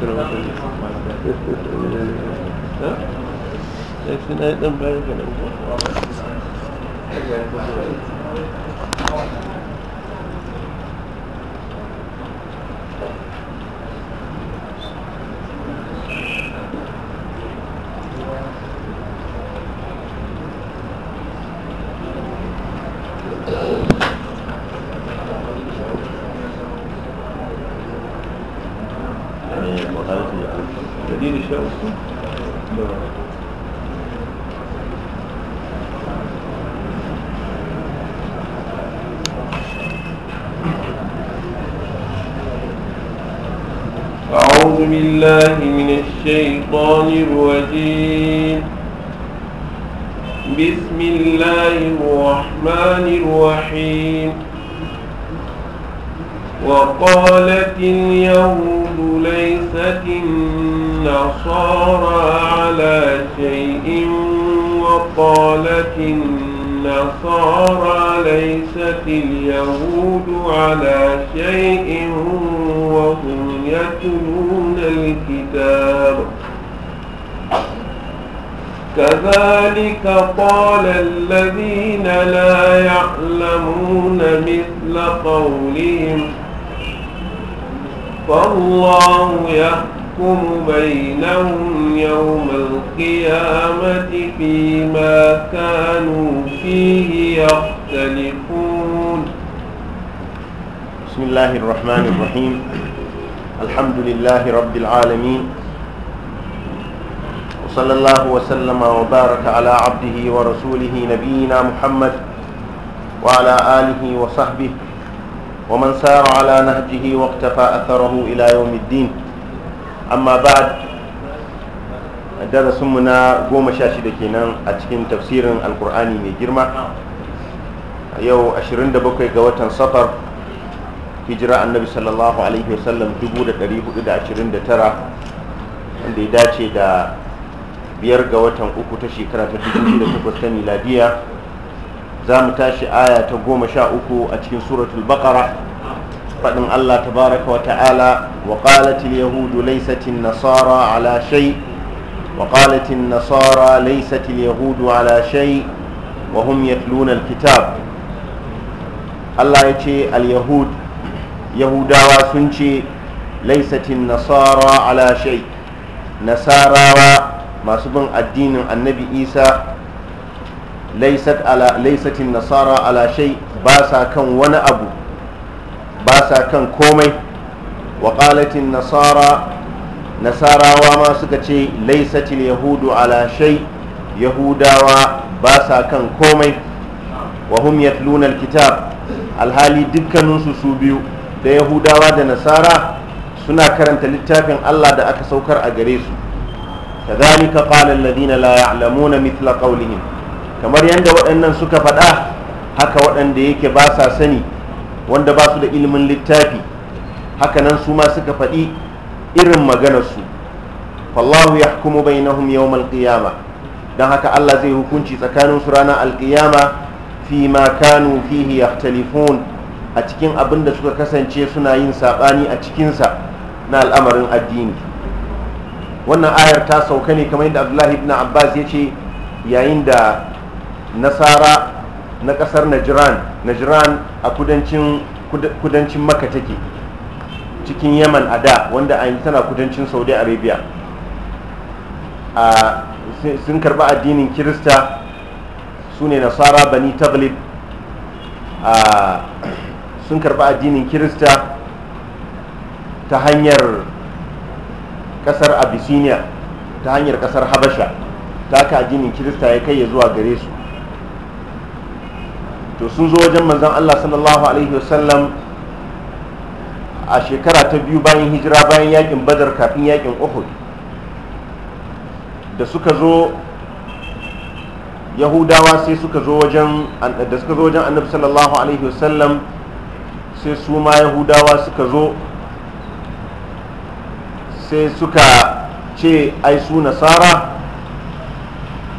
그런 것들 어? 역시 내 눈발이 되는 거 어, بالله من الشيطان الرجيم بسم الله الرحمن الرحيم وقالت اليهود ليست النصارى على شيء وقالت النصارى ليست اليهود على شيء وهم يتلون الكتاب كذلك قال الذين لا يعلمون مثل قولهم فالله يحكم بينهم يوم القيامة فيما كانوا فيه يختلفون بسم الله الرحمن الرحيم الحمد لله رب العالمين وصلى الله وسلم وبارك على عبده ورسوله نبينا محمد وعلى آله وصحبه ومن سار على نهجه واقتفى أثره إلى يوم الدين أما بعد darasinmuna goma sha shida kenan a cikin tafsirin alkur'ani mai girma yau 27 ga watan safar hijira annabi sallallahu alaihi wasallam 429 wanda ya dace da biyar ga watan uku ta shekara ta 2008 ta miladiya za mu tashi aya ta goma sha uku a cikin suratul baqara faɗin allah tabaraka wa ta'ala wa qalatil yahudu laisatin nasara ala shay wa qalatil nasara laisatin yahudu ala shay wa hum yatluna alkitab allah ya ce al-yahud yahudawa sun ce laisatin nasara ala shai nasarawa masu bin addinin annabi isa laisatin nasara ala shai ba sa kan wani abu ba sa kan komai waƙalatin nasara nasarawa ma suka ce laisatin yahudu ala shai yahudawa ba sa kan komai wa hum yatluna alkitab alhali dukkaninsu su biyu da yahudawa da nasara suna karanta littafin allah da aka saukar a gare su kadhalika qala alladhina la ya'lamuna mithla qawlihim kamar yadda waɗannan suka faɗa haka waɗanda yake ba sa sani wanda ba su da ilimin littafi hakanan su ma suka faɗi irin maganarsu fallahu ya hukumu bainahum yawm alqiyama don haka Allah zai hukunci tsakanin su ranar alqiyama fi ma kanu fihi yahtalifun a cikin abin da suka kasance suna yin saɓani a cikinsa na al'amarin addini wannan ayar ta sauka ne kamar yadda abdullahi ibn abbas ya ce yayin da nasara na ƙasar najiran najiran a kudancin kudancin maka take cikin yaman a da wanda a tana kudancin saudi arabia sun karɓi addinin kirista su ne nasara bani tablid a sun karɓi addinin kirista ta hanyar ƙasar abyssinia ta hanyar ƙasar habasha ta haka addinin kirista ya kai ya zuwa gare su to sun zo wajen manzan allah sallallahu alaihi wasallam a shekara ta biyu bayan hijira bayan yakin badar kafin yakin uhud da suka zo yahudawa sai suka zo wajen da suka zo wajen annabi sallallahu alaihi wasallam sai su ma yahudawa suka zo sai suka ce ai su nasara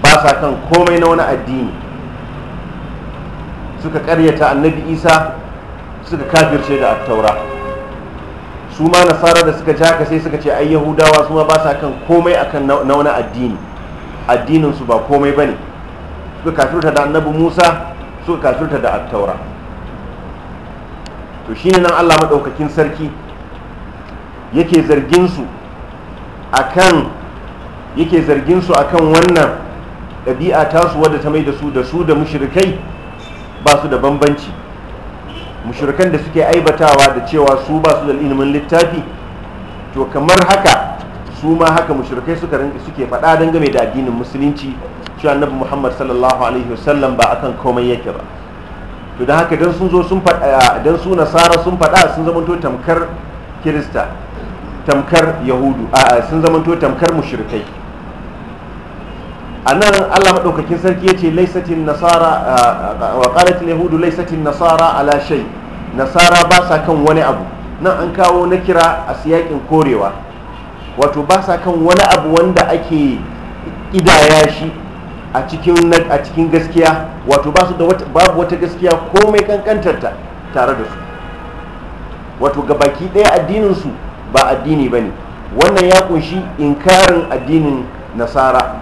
ba sa kan komai na wani addini suka karyata annabi isa suka kafirce da attaura su ma nasara da suka jaka sai suka ce ai yahudawa su ma ba sa kan komai akan na wani addini addininsu ba komai ba ne suka kafirta da annabi musa suka kafirta da attaura to shine nan Allah maɗaukakin sarki yake zargin su akan yake zargin su kan wannan ɗabi'a tasu wadda ta mai da su da su da mashirikai ba su da bambanci mashirikan da suke aibatawa da cewa su ba su da ilimin littafi to kamar haka su ma haka mashirikai suka suke faɗa dangane da addinin musulunci shi annabi Muhammad sallallahu alaihi wasallam ba akan komai yake ba to da haka don sun zo sun fada don su nasara sun faɗa sun to tamkar kirista tamkar yahudu a sun to tamkar mushrikai a allah madaukakin sarki yace ce nasara wa yahudu laisatin nasara ala shai nasara ba sa kan wani abu nan an kawo na kira a siyakin korewa wato ba sa kan wani abu wanda ake idaya shi a cikin gaskiya wato ba su da babu wata gaskiya komai kankantarta tare da su wato ga baki ɗaya addinin su ba addini ba ne. wannan ya kunshi inkarin addinin nasara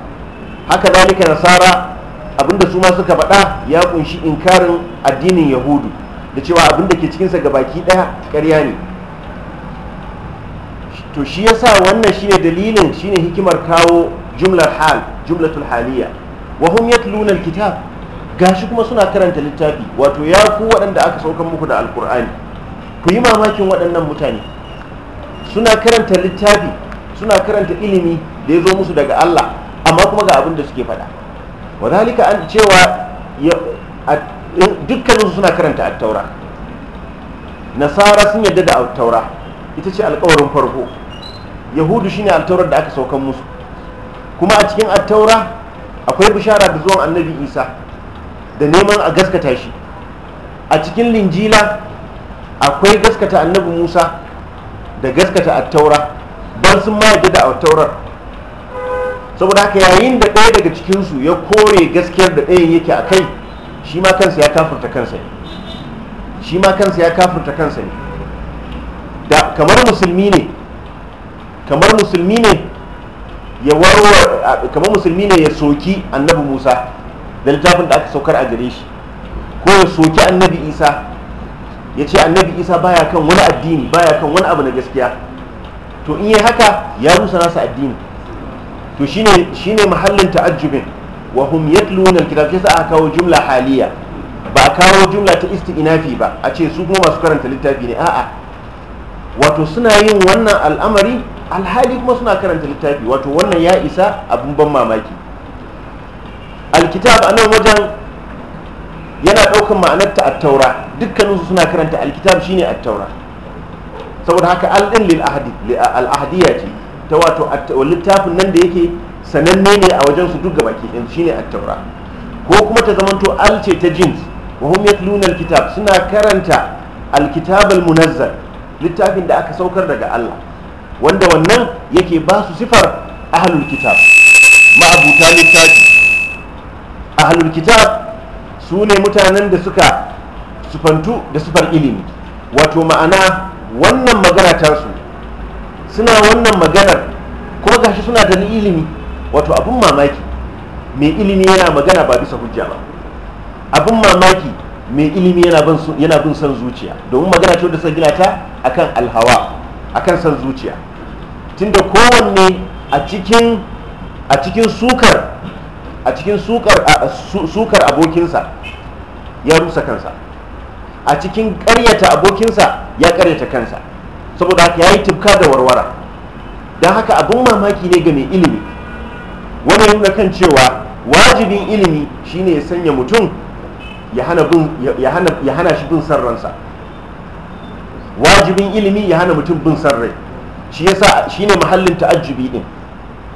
haka zalika nasara abinda su ma suka faɗa ya kunshi inkarin addinin yahudu da cewa abinda ke cikinsa ga baki ɗaya karya ne to shi yasa wannan shine dalilin shine hikimar kawo jumlar hal jumlatul haliya wa hum yatluna alkitab gashi kuma suna karanta littafi wato ya ku waɗanda aka saukan muku da alkur'ani ku yi mamakin waɗannan mutane suna karanta littafi suna karanta ilimi da ya zo musu daga Allah amma kuma ga abin da suke faɗa wa zalika an cewa dukkaninsu suna karanta attaura nasara sun yadda da attaura ita ce alƙawarin farko yahudu shine altaurar da aka saukan musu kuma a cikin attaura akwai bishara da zuwan annabi isa da neman a gaskata shi a cikin linjila akwai gaskata annabi musa da gaskata attaura don sun ma yadda da attaurar saboda haka yayin da ɗaya daga cikinsu ya kore gaskiyar da ɗayan yake a kai shi ma kansa ya kafurta kansa ne shi ma kansa ya kafurta kansa ne da kamar musulmi ne kamar musulmi ne ya warwar kamar musulmi ne ya soki annabi musa da littafin da aka saukar a gare shi ko ya soki annabi isa ya ce annabi isa baya kan wani addini baya kan wani abu na gaskiya to in yi haka ya rusa nasa addini to shine ne mahallin ta'ajjubin wa hum yatluna alkitab sai aka kawo jumla haliya ba a kawo jumla ta inafi ba a ce su kuma masu karanta littafi ne a'a wato suna yin wannan al'amari alhali kuma suna karanta littafi wato wannan ya isa abin ban mamaki alkitab a nan wajen yana ɗaukar ma'anar ta attaura dukkaninsu suna karanta alkitab shine attaura saboda haka al'in lil al'ahadiyya ce ta wato littafin nan da yake sananne ne a wajen su duk gaba ke ɗin shine attaura ko kuma ta zamanto alce ta jins wa hum kitab suna karanta alkitab almunazzal littafin da aka saukar daga Allah wanda wannan yake ba su sifar ahalul kitab ma'abuta littafi ahalul kitab su ne mutanen da suka sufantu da sifar ilimi wato ma'ana wannan magana tasu suna wannan maganar kuma gashi suna da ilimi wato abin mamaki mai ilimi yana magana ba bisa hujja ba abin mamaki mai ilimi yana bin son zuciya domin magana ce da suka gina ta akan alhawa akan son zuciya tunda kowanne a cikin a cikin sukar a cikin sukar sukar abokinsa ya rusa kansa a cikin ƙaryata abokinsa ya ƙaryata kansa saboda haka ya yi tibka da warwara dan haka abin mamaki ne ga mai ilimi wani ya nuna kan cewa wajibin ilimi shine ya sanya mutum ya hana shi bin san ransa wajibin ilimi ya hana mutum bin san rai shi yasa shine mahallin ta'ajjubi din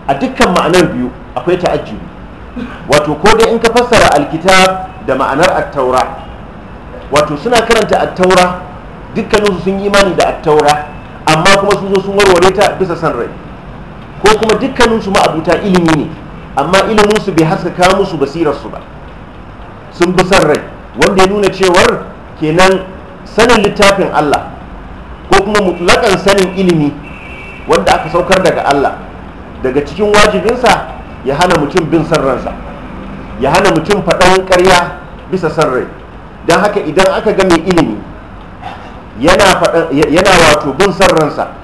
a dukkan ma'anar biyu akwai ta'ajjubi wato ko dai in ka fassara alkitab da ma'anar attaura wato suna karanta attaura dukkaninsu sun yi imani da attaura amma kuma sun zo sun warware ta bisa san rai ko kuma dukkaninsu ma'abuta ilimi ne amma ilimin su bai haskaka musu basirarsu ba sun bi san rai wanda ya nuna cewar kenan sanin littafin allah ko kuma mutlakan sanin ilimi wanda aka saukar daga Allah daga cikin wajibinsa ya hana mutum bin sarransa, ya hana mutum faɗan ƙarya bisa sarrai. don haka idan aka ga mai ilimi yana wato bin sarransa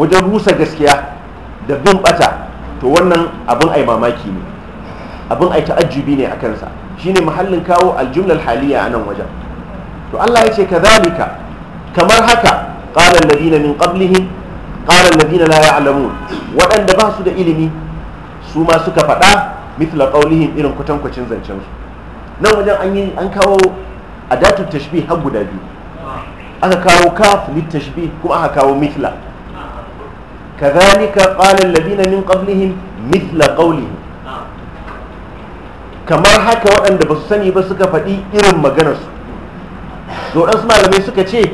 wajen rusa gaskiya da bin ɓata, to wannan abin ai mamaki ne abin ai ta'ajjubi ne a kansa Shi ne muhallin kawo aljumlal haliya a nan wajen to Allah ya ce ka kamar haka qala alladhina min qablihim qala alladhina la ya'lamun waɗanda ba su da ilimi su ma suka faɗa mithla ƙaunihin irin kwatankwacin zancen su nan wajen an yi an kawo adatu tashbih har guda biyu aka kawo kaf lit tashbih kuma aka kawo mithla kadhalika qala alladhina min qablihim mithla qawlihim kamar haka waɗanda ba su sani ba suka faɗi irin maganarsu to ɗansu malamai suka ce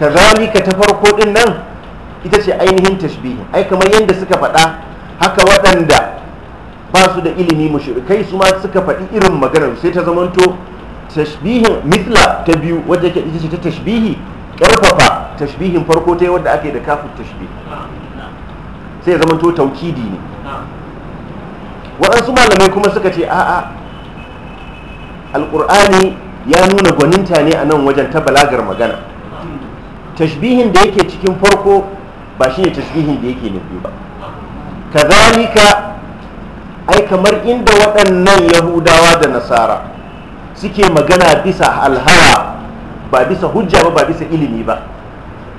kazalika ta farko ɗin nan ita ce ainihin tashbihi ai kamar yadda suka faɗa haka waɗanda ba su da ilimi mushrikai su ma suka faɗi irin maganar sai ta zamanto tashbihin mithla ta biyu wadda ita ce ta tashbihi ƙarfafa tashbihin farko ta yi wadda ake da kafin tashbihi sai ya zamanto taukidi ne waɗansu malamai kuma suka ce a'a alƙur'ani ya nuna gwaninta ne a nan wajen ta balagar magana tashbihin da yake cikin farko ba shi ne tashbihi da yake nufi ba kazalika ai kamar inda waɗannan yahudawa da nasara suke magana bisa alhara ba bisa hujja ba ba bisa ilimi ba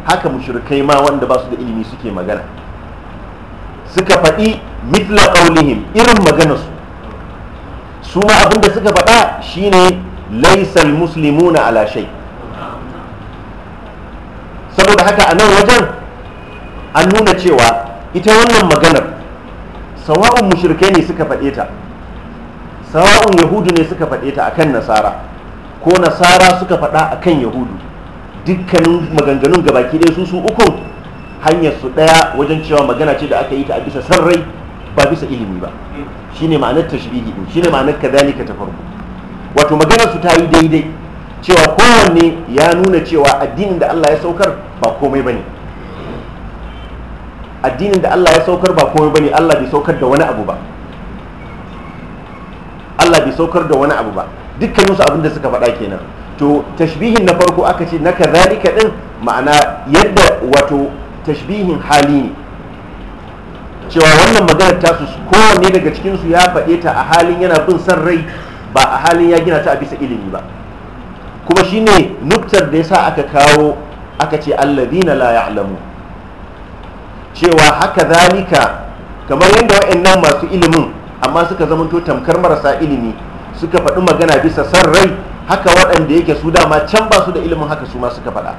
haka mushrikai ma wanda ba su da ilimi suke magana suka faɗi mitla ƙaunihim irin maganarsu su ma abinda suka faɗa shine laisal muslimuna ala shai saboda haka a nan wajen an nuna cewa ita wannan maganar sawa'un mushrikai ne suka faɗe ta sawa'un yahudu ne suka faɗe ta akan nasara ko nasara suka faɗa akan yahudu dukkanin maganganun gabaki ɗaya su su uku hanyar su ɗaya wajen cewa magana ce da aka yi ta a bisa sarrai ba bisa ilimi ba shine ma'anar tashbihi din shine ma'anar kadalika ta farko wato maganar su ta yi daidai cewa kowanne ya nuna cewa addinin da Allah ya saukar ba komai bane ne addinin da Allah ya saukar ba komai bane Allah bai saukar da wani abu ba Allah bai saukar da wani abu ba dukkanin su abin suka faɗa kenan to tashbihin na farko aka ce na kazalika din ma'ana yadda wato tashbihin hali ne cewa wannan maganar su kowanne daga cikin su ya faɗe ta a halin yana bin san rai ba a halin ya gina ta a bisa ilimi ba kuma shine nuktar da yasa aka kawo aka ce alladina la ya'lamun cewa haka zalika kamar yadda wa'annan masu ilimin amma suka zamanto tamkar marasa ilimi suka faɗi magana bisa san rai haka waɗanda yake su dama can ba su da ilimin haka su ma suka faɗa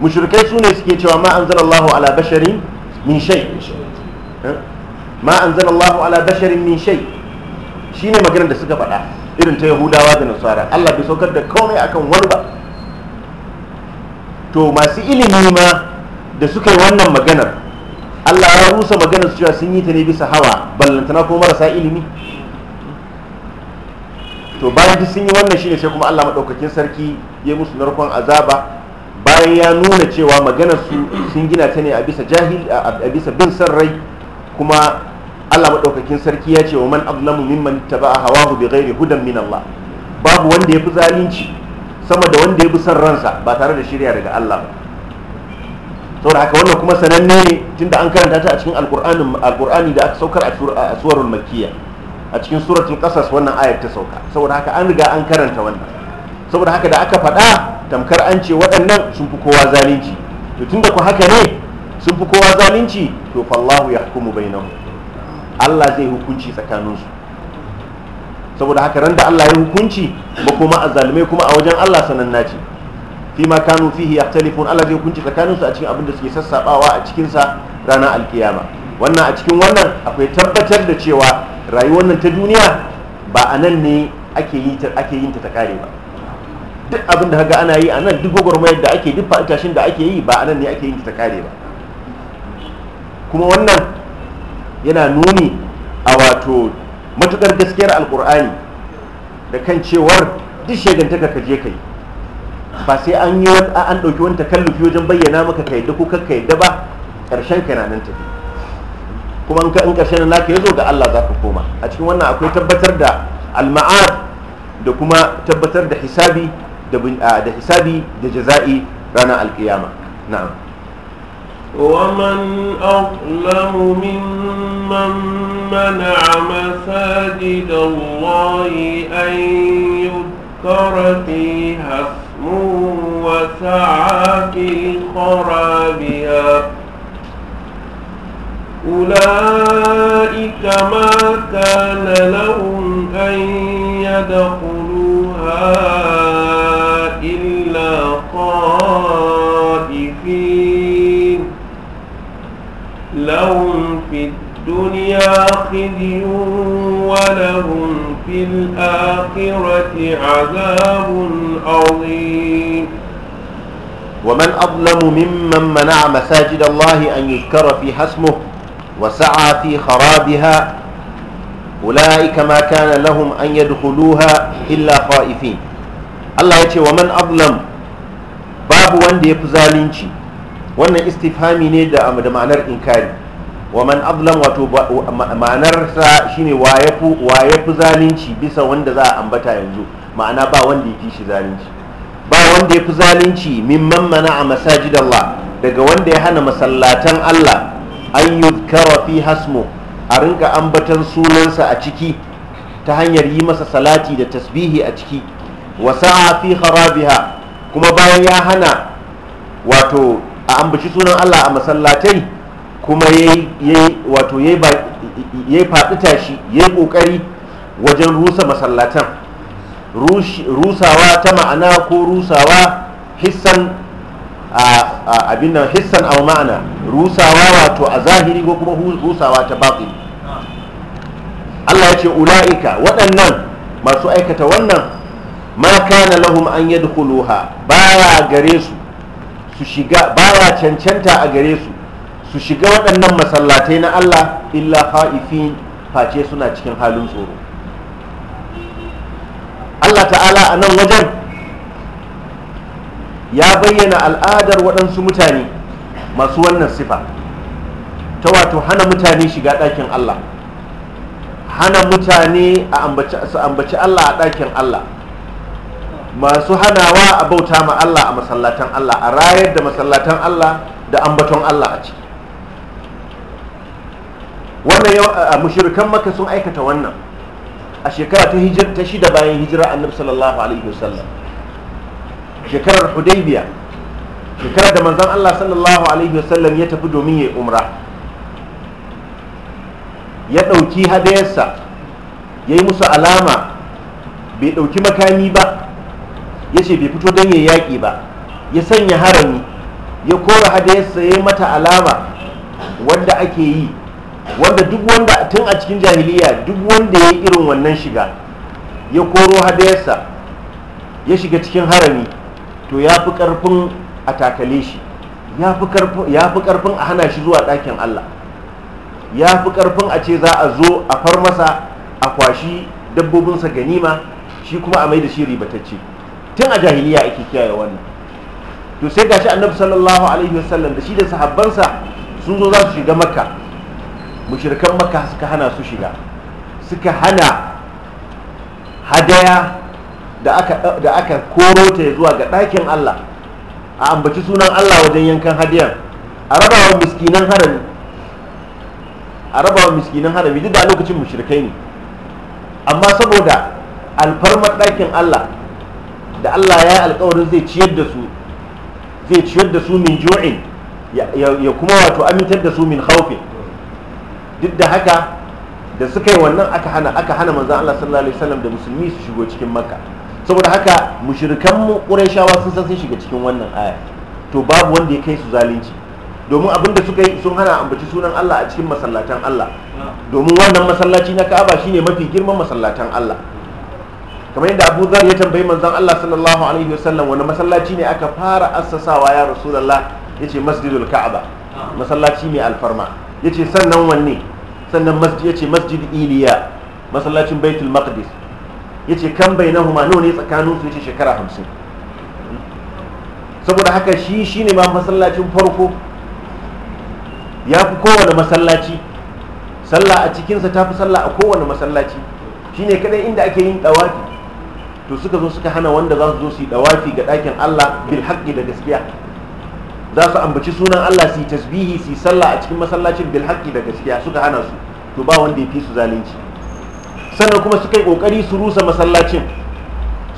mushrikai su ne suke cewa ma allah ala basharin min shai eh? ma allah ala basharin min shi shine maganar da suka faɗa irin ta yahudawa da nasara Allah bai saukar da komai akan wani ba to masu ilimi ma da suka yi wannan maganar Allah ya rusa maganar cewa sun yi ta ne bisa hawa ballantana ko marasa ilimi to bayan duk sun yi wannan shine sai kuma Allah madaukakin sarki ya musu narkon azaba bayan ya nuna cewa maganar su sun gina ta ne a bisa jahil a bisa bin san rai kuma Allah madaukakin sarki ya ce wa man azlamu mimman taba'a hawahu bighairi hudan min Allah babu wanda ya fi zalunci sama da wanda ya bi san ransa ba tare da shirya daga Allah ba saboda haka wannan kuma sananne ne tunda an karanta ta a cikin alkur'ani da aka saukar a suwarul makkiya a cikin suratul qasas wannan ayat ta sauka saboda haka an riga an karanta wannan saboda haka da aka faɗa tamkar an ce waɗannan sun fi kowa zalunci to tunda ku haka ne sun fi kowa zalunci to fallahu yahkumu bainahum Allah zai hukunci tsakaninsu saboda haka randa Allah ya hukunci ba kuma a zalume kuma a wajen Allah sananna ce fima kanu fihi yaktalifun Allah zai kunci tsakaninsu a cikin abin da suke sassabawa a cikin sa ranar alkiyama wannan a cikin wannan akwai tabbatar da cewa rayuwar nan ta duniya ba a nan ne ake yi ta ake yin ta kare ba duk abin da kaga ana yi a nan duk gwagwarmayar da ake duk fa'itashin da ake yi ba a nan ne ake yin ta ta kare ba kuma wannan yana nuni a wato matukar gaskiyar alkur'ani da kan cewar duk shaidantaka ka je ka yi ba sai an yi an ɗauki wani takallufi wajen bayyana maka ka yadda ka kakka yadda ba ƙarshen ka na nan tafi kuma in in ƙarshen naka zo ga Allah za ka koma a cikin wannan akwai tabbatar da alma'ad da kuma tabbatar da hisabi da hisabi da jaza'i ranar alkiyama na'am ومن أظلم ممن منع مساجد الله أن يذكر فيها وسعى في خرابها أولئك ما كان لهم أن يدخلوها إلا خائفين لهم في الدنيا خزي ولهم وفي الآخرة عذاب عظيم ومن أظلم ممن منع مساجد الله أن يذكر فيها اسمه وسعى في خرابها أولئك ما كان لهم أن يدخلوها إلا خائفين الله يقول ومن أظلم باب وان دي فزالينشي وانا استفهامي نيدا أمد معنى الإنكاري wa man ablam wato sa shine wa ya fi zalunci bisa wanda za a ambata yanzu ma'ana ba wanda ya fi shi zalunci ba wanda ya fi zalunci mimman mana a masajid Allah daga wanda ya hana masallatan Allah an yuzkara fi hasmu a rinka ambatan sunansa a ciki ta hanyar yi masa salati da tasbihi a ciki wa sa'a fi kharabiha kuma bayan ya hana wato a ambaci sunan Allah a masallatai kuma ya yi faɗi tashi ya yi ƙoƙari wajen rusa masallatan rusawa ta ma'ana ko rusawa hissan abin nan hissan a ma'ana rusawa wato a zahiri ko kuma rusawa ta baƙi Allah ya ce ula'ika waɗannan masu aikata wannan ma kana lahum an ba ya gare su su shiga ya cancanta a gare su su shiga waɗannan masallatai na Allah illa ha'ifin face suna cikin halin tsoro Allah ta'ala a nan wajen ya bayyana al'adar waɗansu mutane masu wannan sifa ta wato hana mutane shiga ɗakin Allah hana mutane su ambaci Allah a ɗakin Allah masu hanawa a bauta ma Allah a masallatan Allah a rayar da masallatan Allah da ambaton Allah a ciki wannan mushirikan maka sun aikata wannan a shekara ta hijira ta shida bayan hijira annabi sallallahu alaihi wasallam shekarar hudaybiya shekarar da manzan Allah sallallahu alaihi wasallam ya tafi domin ya umra ya dauki hadayarsa yayi musu alama bai ɗauki makami ba ya ce bai fito don ya yaƙi ba ya sanya harami ya kora hadayarsa yi mata alama wanda ake yi wanda duk wanda tun a cikin jahiliya duk wanda ya yi irin wannan shiga ya koro hadayarsa ya shiga cikin harami to ya fi karfin a takale shi ya fi karfin a hana shi zuwa ɗakin allah ya fi karfin a ce za a zo a far masa a kwashi dabbobinsa ganima shi kuma a mai da shi ribatacce tun a jahiliya ake kiyaye wannan to sai gashi annabi sallallahu alaihi wasallam da shi da sahabbansa sun zo za su shiga makka mushirkan maka suka hana su shiga suka hana hadaya da aka koro ta zuwa ga ɗakin Allah a ambaci sunan Allah wajen yankan hadiyar a rabawa miskinan harami a rabawa miskinan harami duk da lokacin mushrikai ne amma saboda alfarmar ɗakin Allah da Allah ya yi alkawarin zai ciyar da su zai ciyar da su min ju'in ya kuma wato amintar da su min haufin duk da haka da suka yi wannan aka hana aka hana manzon Allah sallallahu alaihi wasallam da musulmi su shigo cikin makka saboda haka mushrikan mu qurayshawa sun san sun shiga cikin wannan aya to babu wanda ya kai su zalunci domin abin da suka yi sun hana ambaci sunan Allah a cikin masallatan Allah domin wannan masallaci na Ka'aba shine mafi girman masallatan Allah kamar yadda Abu Dharr ya tambayi manzon Allah sallallahu alaihi wasallam wani masallaci ne aka fara assasawa ya Rasulullah yace Masjidul Ka'aba masallaci mai alfarma ya ce sannan wanne sannan masjid ya ce masjid iliya masallacin baitul maqdis ya ce kan bai na huma ne tsakanin su ya ce shekara hamsin saboda haka shi shi ne ma masallacin farko ya fi kowane masallaci sallah a cikinsa ta fi sallah a kowane masallaci shi ne kadai inda ake yin dawafi to suka zo suka hana wanda za su zo su yi dawafi ga dakin allah bil haƙƙi da gaskiya za su ambaci sunan Allah su yi tasbihi su yi sallah a cikin masallacin bil da gaskiya suka hana su to ba wanda ya fi su zalunci sannan kuma suka yi kokari su rusa masallacin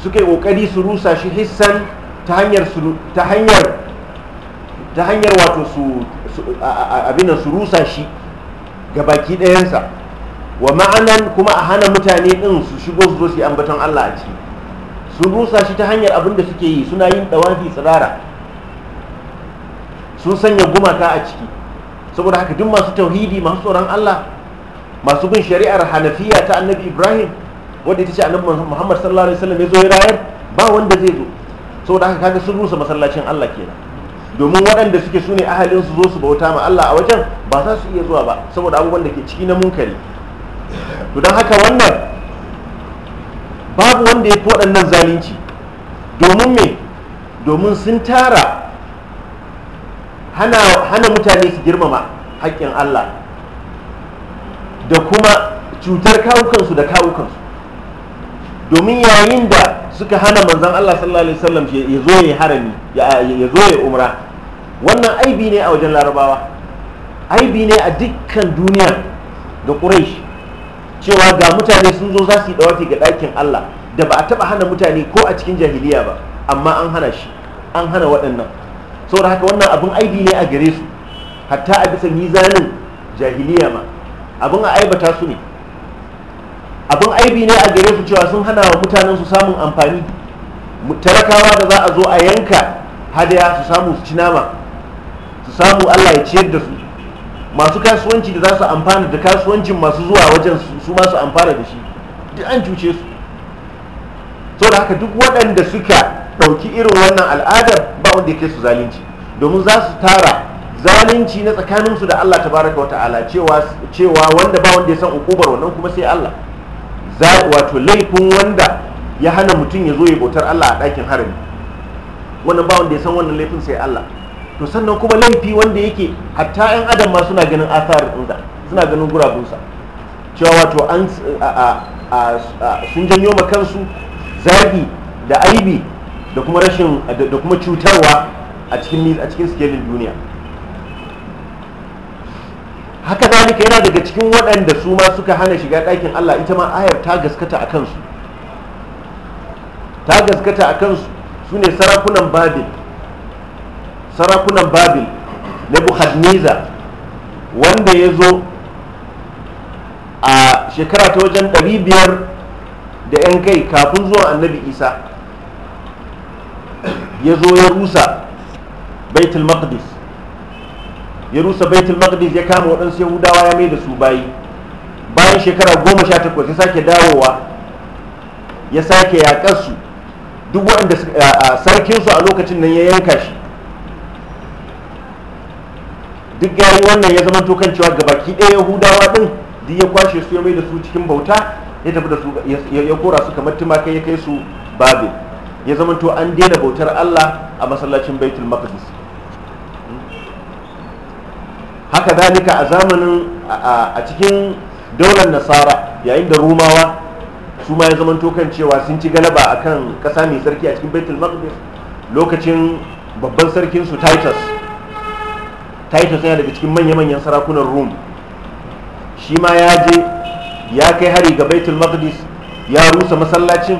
suka yi kokari su rusa shi hissan ta hanyar ta hanyar ta hanyar wato su abinan su rusa shi ga baki ɗayansa wa ma'anan kuma a hana mutane ɗin su shigo su zo su yi ambaton Allah a ciki sun rusa shi ta hanyar abin da suke yi suna yin ɗawafi tsirara sun sanya gumata a ciki saboda haka duk masu tauhidi masu tsoron Allah masu bin shari'ar hanafiya ta annabi ibrahim wadda ita ce annabi muhammad sallallahu alaihi wasallam ya zo ya rayar ba wanda zai zo saboda haka kaga sun rusa masallacin Allah kenan domin waɗanda suke su ne ahalin su zo su bauta ma Allah a wajen ba za su iya zuwa ba saboda abubuwan da ke ciki na munkari to don haka wannan babu wanda ya fi waɗannan zalunci domin me domin sun tara hana mutane su girmama haƙƙin Allah da kuma cutar kawukansu da kawukansu domin yayin da suka hana manzan Allah sallallahu alaihi ya zo ya harami ya zo ya umra wannan aibi ne a wajen larabawa aibi ne a dukkan duniya da ƙura'ishi, cewa ga mutane sun zo za su yi ɗawafi ga ɗakin Allah da ba a taɓa hana mutane ko a cikin jahiliya ba amma an hana shi an hana waɗannan Sau da haka wannan abin aibi ne a gare su hatta a bisa mizanin jahiliya ma abin a aibata su ne abin aibi ne a gare su cewa sun hana wa mutanen su samun amfani talakawa da za a zo a yanka hadaya su samu su ci nama su samu allah ya ciyar da su masu kasuwanci da za su amfana da kasuwancin masu zuwa wajen su masu amfana da shi duk an cuce su Sau da haka duk waɗanda suka ɗauki irin wannan al'adar ba wanda ya kai su zalunci domin za su tara zalunci na tsakaninsu da Allah tabaraka wa ta'ala cewa cewa wanda ba wanda ya san ukubar wannan kuma sai Allah za wato laifin wanda ya hana mutum ya zo ya bautar Allah a ɗakin harami wannan ba wanda ya san wannan laifin sai Allah to sannan kuma laifi wanda yake hatta 'yan adam ma suna ganin asar inda suna ganin gurabunsa cewa wato an sun janyo ma kansu zagi da aibi da kuma rashin da kuma cutarwa a cikin a cikin duniya haka zalika yana daga cikin waɗanda su ma suka hana shiga ɗakin Allah ita ma ayar ta gaskata a kansu ta gaskata a kansu su ne sarakunan babil sarakunan babil na buhadniza wanda ya zo a shekara ta wajen 500 da 'yan kai kafin zuwa annabi isa ya zo ya rusa baitul maqdis ya rusa baitul maqdis ya kama waɗansu yahudawa ya mai da su bayi bayan shekara goma sha takwas ya sake dawowa ya sake su duk waɗanda sarkinsu a lokacin nan ya yanka shi duk ya wannan ya zama kan cewa baki ɗaya yahudawa ɗin duk ya kwashe su ya mai da su cikin bauta ya tafi da su ya kora su kamar tumakai ya kai su babil ya zama to an daina bautar Allah a masallacin baitul maqdis haka dalika a zamanin a cikin daular nasara yayin da rumawa su ma ya zamanto kan cewa sun ci galaba kan kasa mai sarki a cikin baitul maqdis lokacin babban sarkin su titus titus yana daga cikin manya-manyan sarakunan rum shi ma ya je ya kai hari ga baitul maqdis ya rusa masallacin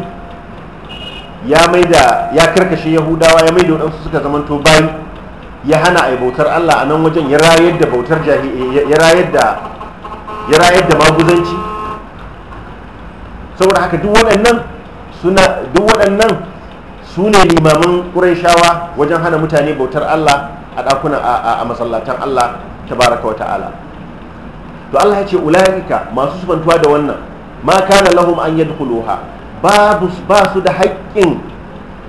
ya maida ya karkashe yahudawa ya maida waɗansu suka zamanta bayi ya hana a bautar allah a nan wajen ya rayar da bautar ya rayar da maguzanci saboda haka duk waɗannan suna duk waɗannan su ne limaman shawa wajen hana mutane bautar allah a ɗakuna a masallatan allah ta baraka wa ta'ala to allah ya ce ula'ika masu sufantuwa da wannan ma kana lahum an kuloha. babu ba su da haƙƙin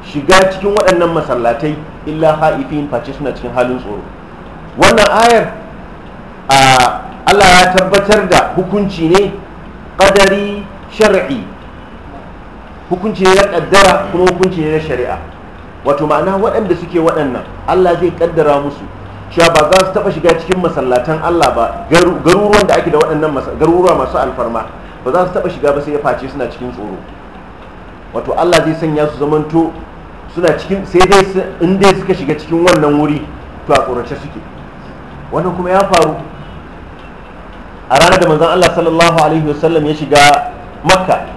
shiga cikin waɗannan masallatai illa ha'ifin face suna cikin halin tsoro wannan ayar Allah ya tabbatar da hukunci ne ƙadari shari'i hukunci ne na ƙaddara kuma hukunci ne na shari'a wato ma'ana waɗanda suke waɗannan Allah zai ƙaddara musu cewa ba za su taɓa shiga cikin masallatan Allah ba garuruwan da ake da waɗannan garuruwa masu alfarma ba za su taɓa shiga ba sai ya face suna cikin tsoro wato Allah zai sanya su zamanto suna cikin sai dai in dai suka shiga cikin wannan wuri to a tsorace suke wannan kuma ya faru a ranar da manzon Allah sallallahu alaihi wasallam ya shiga makka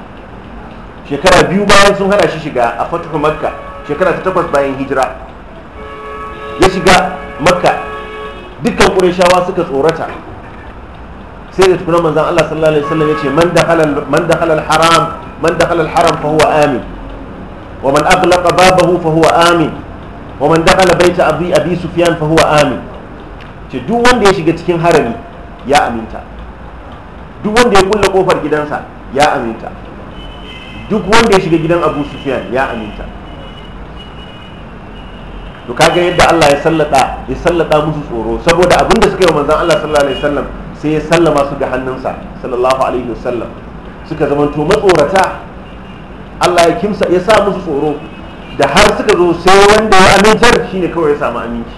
shekara biyu bayan sun hana shi shiga a fatuhu makka shekara ta takwas bayan hijira ya shiga makka dukkan ƙurashawa suka tsorata sai da tukunan manzan Allah sallallahu alaihi wasallam ya ce man da halal haram من دخل الحرم فهو آمن ومن أغلق بابه فهو آمن ومن دخل بيت أبي أبي سفيان فهو آمن duk wanda ya shiga cikin harami ya aminta duk wanda ya kulle kofar gidansa ya aminta duk wanda ya shiga gidan abu sufyan ya aminta to kaga yadda Allah ya sallata ya sallata musu tsoro saboda abinda suka yi wa manzon Allah sallallahu alaihi wasallam sai ya sallama su ga hannunsa sallallahu alaihi wasallam suka zama to matsorata Allah ya kimsa ya sa musu tsoro da har suka zo sai wanda ya amintar shine kawai ya samu aminci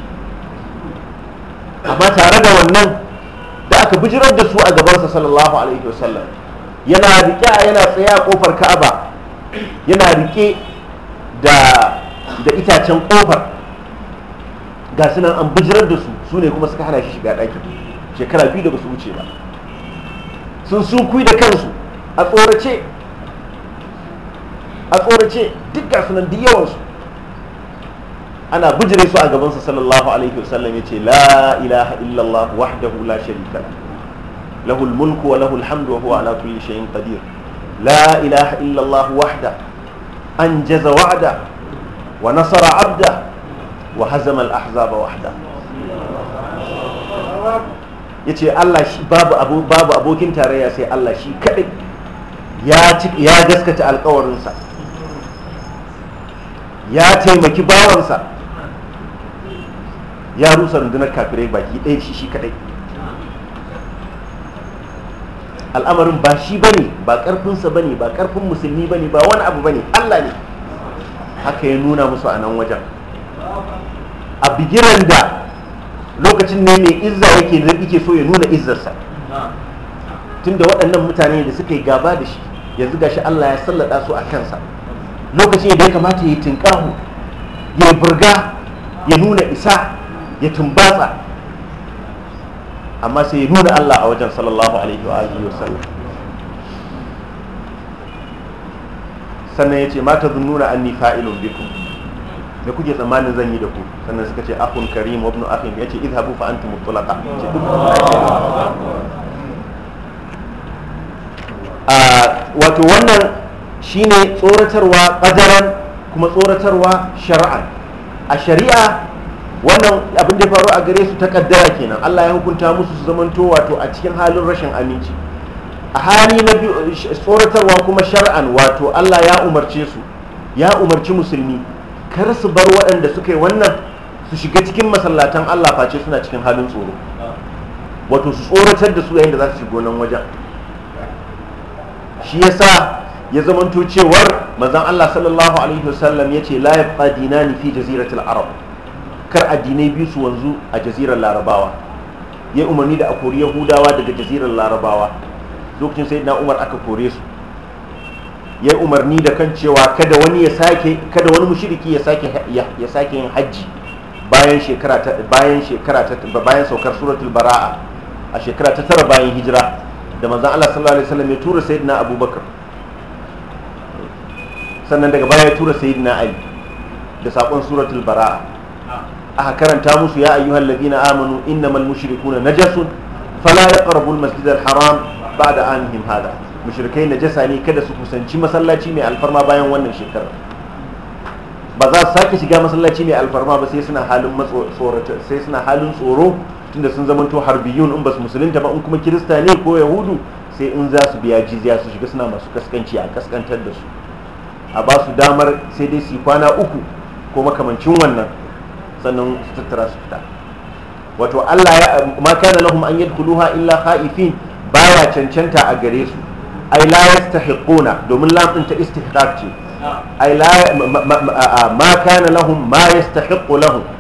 amma tare da wannan da aka bijirar da su a gabansa sallallahu alaihi wasallam yana riƙe yana tsaye a kofar ka'aba yana riƙe da da itacen kofar ga sunan an bijirar da su su ne kuma suka hana shi shiga ɗakin shekara biyu da ba su wuce ba sun kui da kansu a tsorace a tsorace duk ga sunan duk yawansu ana bijire su a gabansa sallallahu alaihi wasallam ya ce la ilaha illallah wahdahu la sharika lahul mulku wa lahul hamdu wa huwa ala kulli shay'in qadir la ilaha illallah wahda anjaza wa'da wa nasara 'abda wa hazama al-ahzab wahda yace Allah shi babu abokin tarayya sai Allah shi kadai ya gaskata alkawarinsa ya taimaki bawansa ya rusa rundunar kafirai baki ɗaya shi shi kadai al'amarin ba shi bane ba karfinsa bane ba karfin musulmi bane ba wani abu bane allah ne haka ya nuna musu a nan wajen a bigiran da lokacin ne mai izza yake so ya nuna izzarsa tunda waɗannan mutane da suka yi gaba da shi yanzu gashi Allah ya sallada su a kansa lokacin da ya kamata ya tinkahu ya burga ya nuna isa ya tumbatsa amma sai ya nuna Allah a wajen sallallahu alaihi wa alihi wasallam sannan ya ce mata zun nuna anni fa'ilun bikum me kuke tsammanin zan yi da ku sannan suka ce akun karim wa ibn akhin ya ce idhabu fa antum mutlaqa ce duk a wato wannan shine tsoratarwa ƙadaran kuma tsoratarwa shari'a a shari'a wannan abin da faru a gare su ta ƙaddara kenan Allah ya hukunta musu su zamanto wato a cikin halin rashin aminci a hali na tsoratarwa kuma shari'an wato Allah ya umarce su ya umarci musulmi kar su bar waɗanda suka yi wannan su shiga cikin masallatan Allah face suna cikin halin tsoro wato su tsoratar da su yayin da za su shiga nan wajen shi yasa ya zamanto cewar mazan Allah sallallahu alaihi wasallam ya ce la yabqa dinani fi jaziratul arab kar addinai biyu su wanzu a jazirar larabawa ya umarni da a kori yahudawa daga jazirar larabawa lokacin sai na umar aka kore su ya umarni da kan cewa kada wani ya sake kada wani mushriki ya sake ya sake yin hajji bayan shekara ta bayan shekara ta bayan saukar suratul bara'a a shekara ta tara bayan hijira da manzan Allah sallallahu alaihi wasallam ya tura sayyidina abubakar sannan daga baya ya tura sayyidina ali da sakon suratul bara'a aka karanta musu ya ayyuhal ladina amanu innamal mushrikuna najasun fala yaqrabu masjidal haram ba'da anhum hada mushrikai najasa ne kada su kusanci masallaci mai alfarma bayan wannan shekarar ba za su sake shiga masallaci mai alfarma ba sai suna halin tsoro tunda sun to harbiyun in basu musulunta ba in kuma kirista ne ko yahudu sai in za su biya jiziya su shiga suna masu kaskanci a kaskantar da su a ba su damar sai dai su kwana uku ko makamancin wannan sannan su tattara su fita wato Allah ya ma kana lahum an yadkhuluha illa khaifin baya cancanta a gare su ai la yastahiquna domin lam ta istihqaq ce ai la ma kana lahum ma yastahiqu lahum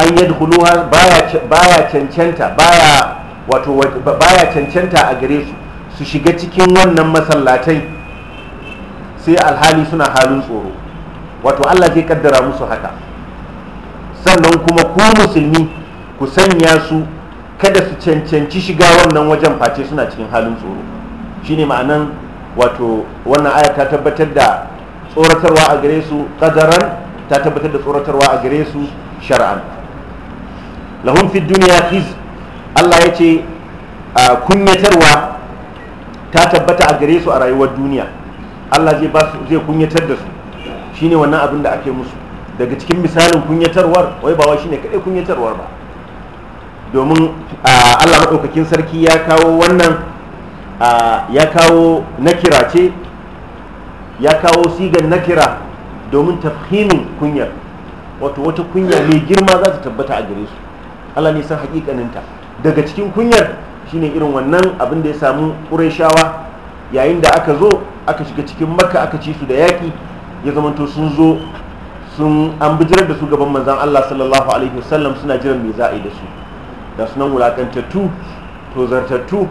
an yadda baya cancanta baya wato baya cancanta a gare su su shiga cikin wannan masallatai sai alhali suna halin tsoro wato Allah zai kaddara musu haka sannan kuma ku musulmi ku sanya su kada su cancanci shiga wannan wajen face suna cikin halin tsoro shine ma'anan wato wannan aya ta tabbatar da tsoratarwa a gare su kadaran ta tabbatar da tsoratarwa a gare su shar'an lahum fi duniya khiz Allah ya ce kunyatarwa ta tabbata a gare su a rayuwar duniya Allah zai kunyatar da su shine wannan abin da ake musu daga cikin misalin kunyatarwar wai ba shine kadai kunyatarwar ba domin Allah maɗaukakin sarki ya kawo wannan ya kawo nakira ce ya kawo sigan nakira domin tafhimin kunyar wato wata kunya mai girma za ta tabbata a gare su Allah ne san hakikaninta daga cikin kunyar shine irin wannan abin da ya samu shawa yayin da aka zo aka shiga cikin makka aka ci su da yaƙi ya zamanto sun zo sun an bijirar da su gaban manzan Allah sallallahu alaihi wasallam suna jiran mai za'a da su da sunan wulakantattu to zartattu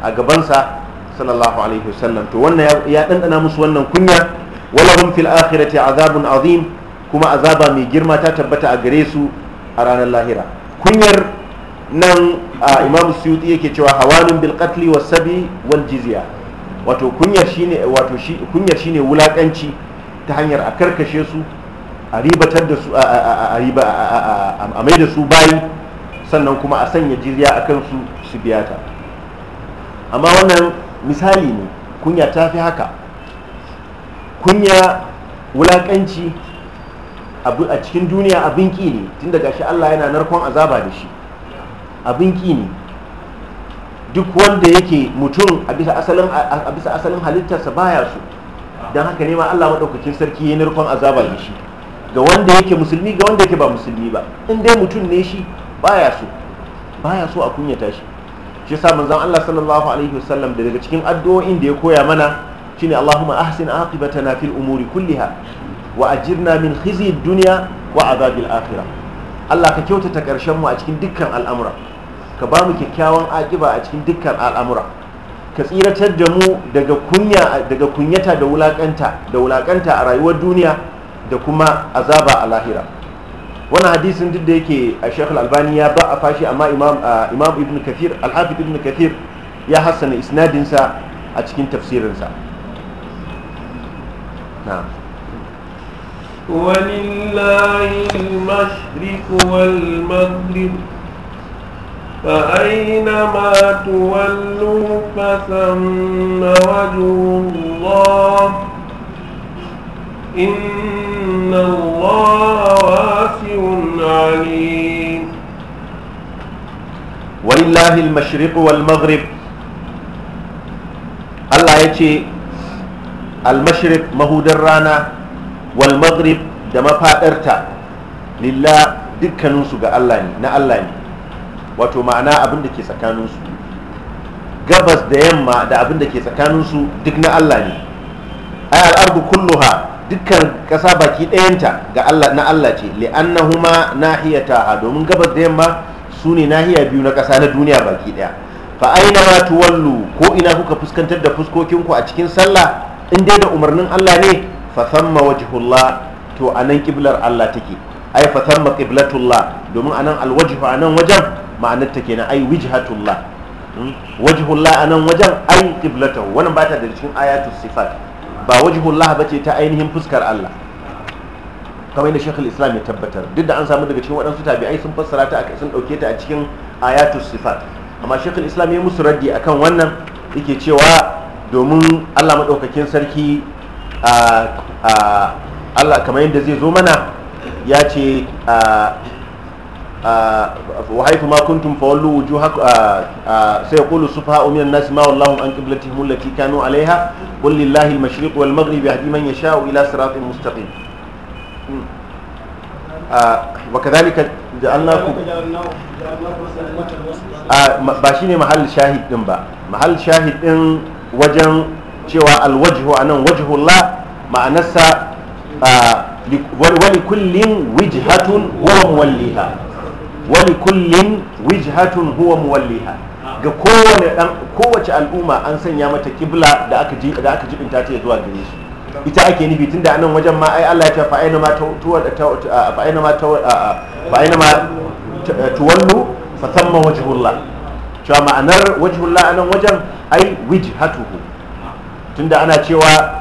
a gabansa sallallahu alaihi wasallam to wannan ya ɗanɗana musu wannan kunya walahum fil akhirati azabun azim kuma azaba mai girma ta tabbata a gare su a ranar lahira kunyar nan a imam suyuti yake cewa hawanin bilkatli wa sabi wal jizya wato kunyar shine shi ne wulaƙanci ta hanyar a karkashe su a ribatar da su a mai da su bayi sannan kuma a sanya jizya a kansu su biya ta amma wannan misali ne kunya ta fi haka kunya wulaƙanci. a cikin duniya abin ki ne tun daga shi Allah yana narkon azaba da shi abin ki ne duk wanda yake mutum a bisa asalin halittarsa baya so don haka ne Allah maɗaukacin sarki ya narkon azaba da shi ga wanda yake musulmi ga wanda yake ba musulmi ba in dai mutum ne shi baya su baya so a kunyata shi shi yasa manzon Allah sallallahu alaihi wasallam daga cikin addu'o'in da ya koya mana shine Allahumma ahsin aqibatana fil umuri kulliha wa ajirna min khizi duniya wa azabil akhirah Allah ka kyautata karshen mu a cikin dukkan al'amura ka ba mu kyakkyawan akiba a cikin dukkan al'amura ka tsiratar da mu daga kunya daga kunyata da wulakanta da wulakanta a rayuwar duniya da kuma azaba a lahira wannan hadisin duk da yake a Sheikh Al-Albani ya ba a fashi amma Imam Imam Ibn Kathir Al-Hafiz Ibn Kathir ya hassana isnadinsa a cikin tafsirinsa na'am ولله المشرق والمغرب فأينما تولوا فثم وجه الله إن الله واسع عليم ولله المشرق والمغرب الله يتي المشرق مهود الرانا wal maghrib da mafaɗarta lillah dukkaninsu ga Allah ne na Allah ne wato ma'ana abin da ke tsakaninsu gabas da yamma da abin da ke tsakaninsu duk na Allah ne ay al-ardu kulluha dukkan kasa baki ɗayanta ga Allah na Allah ce li'annahuma nahiyataha domin gabas da yamma su ne nahiya biyu na kasa na duniya baki ɗaya fa aina ma tuwallu ko ina kuka fuskantar da fuskokinku a cikin sallah in dai da umarnin Allah ne fa thamma wajhullah to anan qiblar Allah take ai fa qiblatullah domin anan alwajhu anan wajen ma'anar ta kenan ai wajhatullah hmm? wajhullah anan wajen ai qiblatahu wannan ba ta da cikin ayatul sifat ba wajhullah bace ta ainihin fuskar Allah kamar yadda shekul islam ya tabbatar duk da an samu daga cikin waɗansu tabi'ai sun fassara ta sun ɗauke ta a cikin ayatus sifat amma shekul islam ya musu raddi akan wannan yake cewa domin allah maɗaukakin sarki Allah kamar yadda zai zo mana ya ce wa haifu ma kuntum fa wallu wujuhakum sai yaqulu nas ma wallahu an qiblatihim allati kanu alaiha qul lillahi al-mashriq wal maghrib yahdi man yasha'u ila siratin mustaqim hmm. ba shine mahal shahid din ba mahal shahid din wajen cewa alwajhu anan la ma'anarsa wani kullin wijhatun huwa muwalliha wani kullin wijhatun huwa ha, ga kowane dan kowace al'umma an sanya mata kibla da aka ji da aka jibinta ta zuwa gare shi ita ake nufi tunda anan wajen ma ai Allah ya ta fa'ina ma ma tuwa fa fa'ina ma ta fa'ina ma tuwallu fa thamma wajhullah cewa ma'anar wajhullah anan wajen ai wijhatuhu tunda ana cewa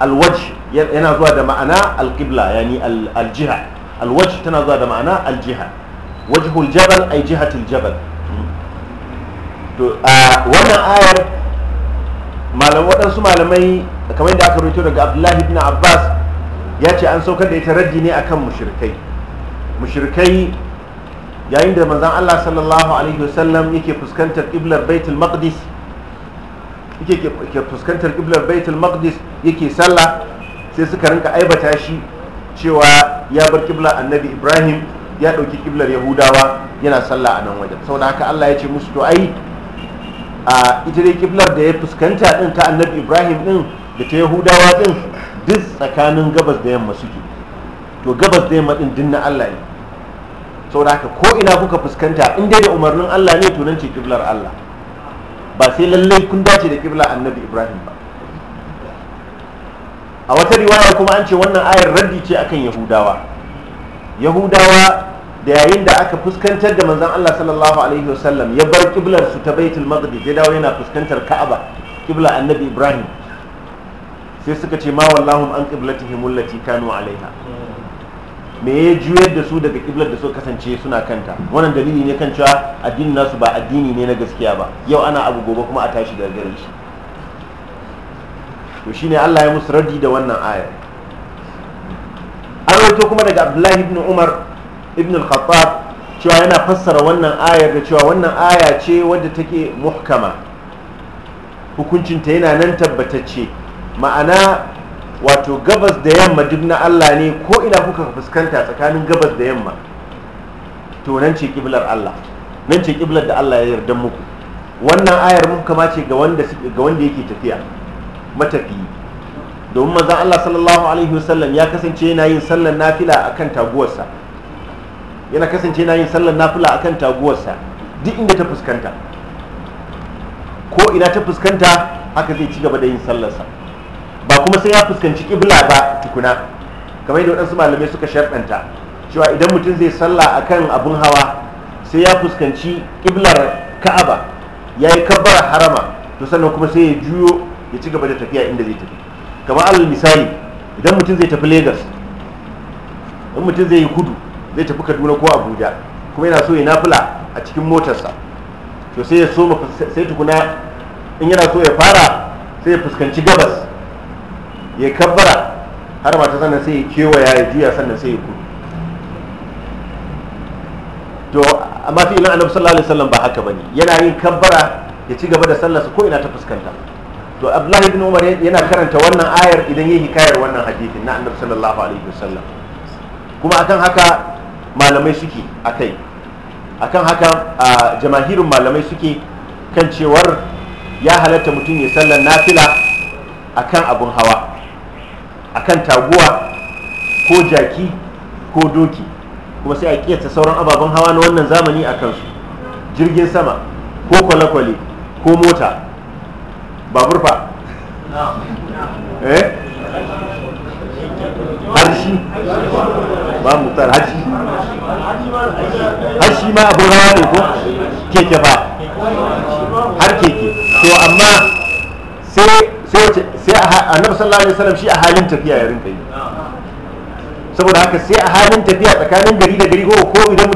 alwaj yana zuwa da ma'ana alqibla yani aljiha alwaj tana zuwa da ma'ana aljiha wajhul jabal ay jihatul jabal to a wannan ayar malam waɗansu malamai kamar da aka rubuto daga abdullahi ibn abbas ya ce an saukar da ita raddi ne akan mushrikai mushrikai yayin da manzon Allah sallallahu alaihi wasallam yake fuskantar qiblar baitul maqdis yake ke fuskantar qiblar baitul maqdis yake sallah sai suka rinka aibata shi cewa ya bar qiblar annabi ibrahim ya ɗauki ƙiblar yahudawa yana sallah a nan wajen saboda haka allah ya ce musu to ai a ita dai ƙiblar da ya fuskanta ɗin ta annabi ibrahim ɗin da ta yahudawa ɗin duk tsakanin gabas da yamma suke to gabas da yamma ɗin din dinna allah ne saboda haka ko ina kuka fuskanta in dai da umarnin allah ne to nan ce ƙiblar allah ba sai lallai kun dace da kibla annabi ibrahim ba a wata riwaya kuma an ce wannan ayar raddi ce akan yahudawa yahudawa da yayin da aka fuskantar da manzon Allah sallallahu alaihi wasallam ya bar kiblar su ta baitul maqdis ya dawo yana fuskantar ka'aba kibla annabi ibrahim sai suka ce ma wallahum an qiblatihim allati kanu alaiha me ya juyar da su daga kiblar da su kasance suna kanta wannan dalili ne kan cewa addinin nasu ba addini ne na gaskiya ba yau ana abu gobe kuma a tashi daga garin shi to shine Allah ya musu radi da wannan aya an rawaito kuma daga Abdullahi ibn Umar ibn al-Khattab cewa yana fassara wannan ayar da cewa wannan aya ce wadda take muhkama hukuncinta yana nan tabbatacce ma'ana wato gabas da yamma duk na Allah ne ko ina kuka fuskanta tsakanin gabas da yamma to nan ce kiblar Allah nan ce kiblar da Allah ya yarda muku wannan ayar mun kama ce ga wanda ga wanda yake tafiya matafi domin manzo Allah sallallahu alaihi wasallam ya kasance yana yin sallar nafila akan taguwarsa yana kasance yana yin sallar nafila akan taguwarsa duk inda ta fuskanta ko ina ta fuskanta haka zai ci gaba da yin sallarsa ba kuma sai ya fuskanci kibla ba tukuna kamar yadda waɗansu malamai suka sharɗanta cewa idan mutum zai sallah kan abun hawa sai ya fuskanci kiblar ka'aba ya yi kabbar harama to sannan kuma sai ya juyo ya ci gaba da tafiya inda zai tafi kamar alal misali idan mutum zai tafi lagos in mutum zai yi kudu zai tafi kaduna ko abuja kuma yana so ya nafila a cikin motarsa to sai ya so sai tukuna in yana so ya fara sai ya fuskanci gabas ya kabbara har mata sannan sai ya kewaya ya juya sannan sai ya kudu to amma fi ilan annabi sallallahu alaihi wasallam ba haka bane yana yin kabbara ya ci gaba da sallarsa ko ina ta fuskanta to abdullahi ibn umar yana karanta wannan ayar idan yayi hikayar wannan hadisin na annabi sallallahu alaihi wasallam kuma akan haka malamai suke akai akan haka jamahirin malamai suke kan cewar ya halatta mutum ya sallar nafila akan abun hawa akan taguwa ko jaki ko doki kuma sai a kiyasta sauran ababen hawa na wannan zamani a kansu jirgin sama ko kwale-kwale ko mota babur fa eh harshi ba mutar harshi harshi ma abin rawa ne ko keke ba har keke to amma sai sai annabi sallallahu alaihi wasallam shi a halin tafiya ya rinka yi saboda haka sai a halin tafiya tsakanin gari da gari ko idan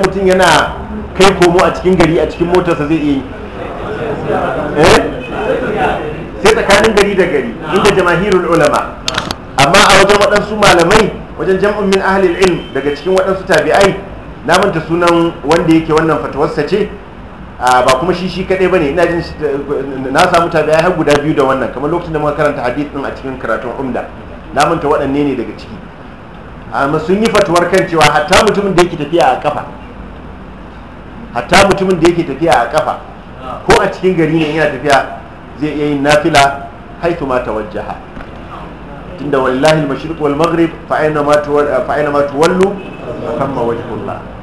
mutum yana kai komo a cikin gari a cikin motarsa zai iya yi eh? sai tsakanin gari da gari inda jamahirul ulama amma a wajen waɗansu malamai wajen jam'un min ahlil ilm daga cikin waɗansu tabi'ai na manta sunan wanda yake wannan fatawarsa ce ba kuma shi shi kadai bane ina jin na samu tabi'ai har guda biyu da wannan kamar lokacin da muka karanta hadith din a cikin karatun umda na manta waɗanne ne daga ciki amma sun yi fatuwar kan cewa hatta mutumin da yake tafiya a kafa hatta mutumin da yake tafiya a kafa ko a cikin gari ne yana tafiya zai iya yin nafila haitu ma tawajjaha tunda wallahi al-mashriq wal maghrib fa aina ma tuwallu fa aina ma tuwallu fa wajhullah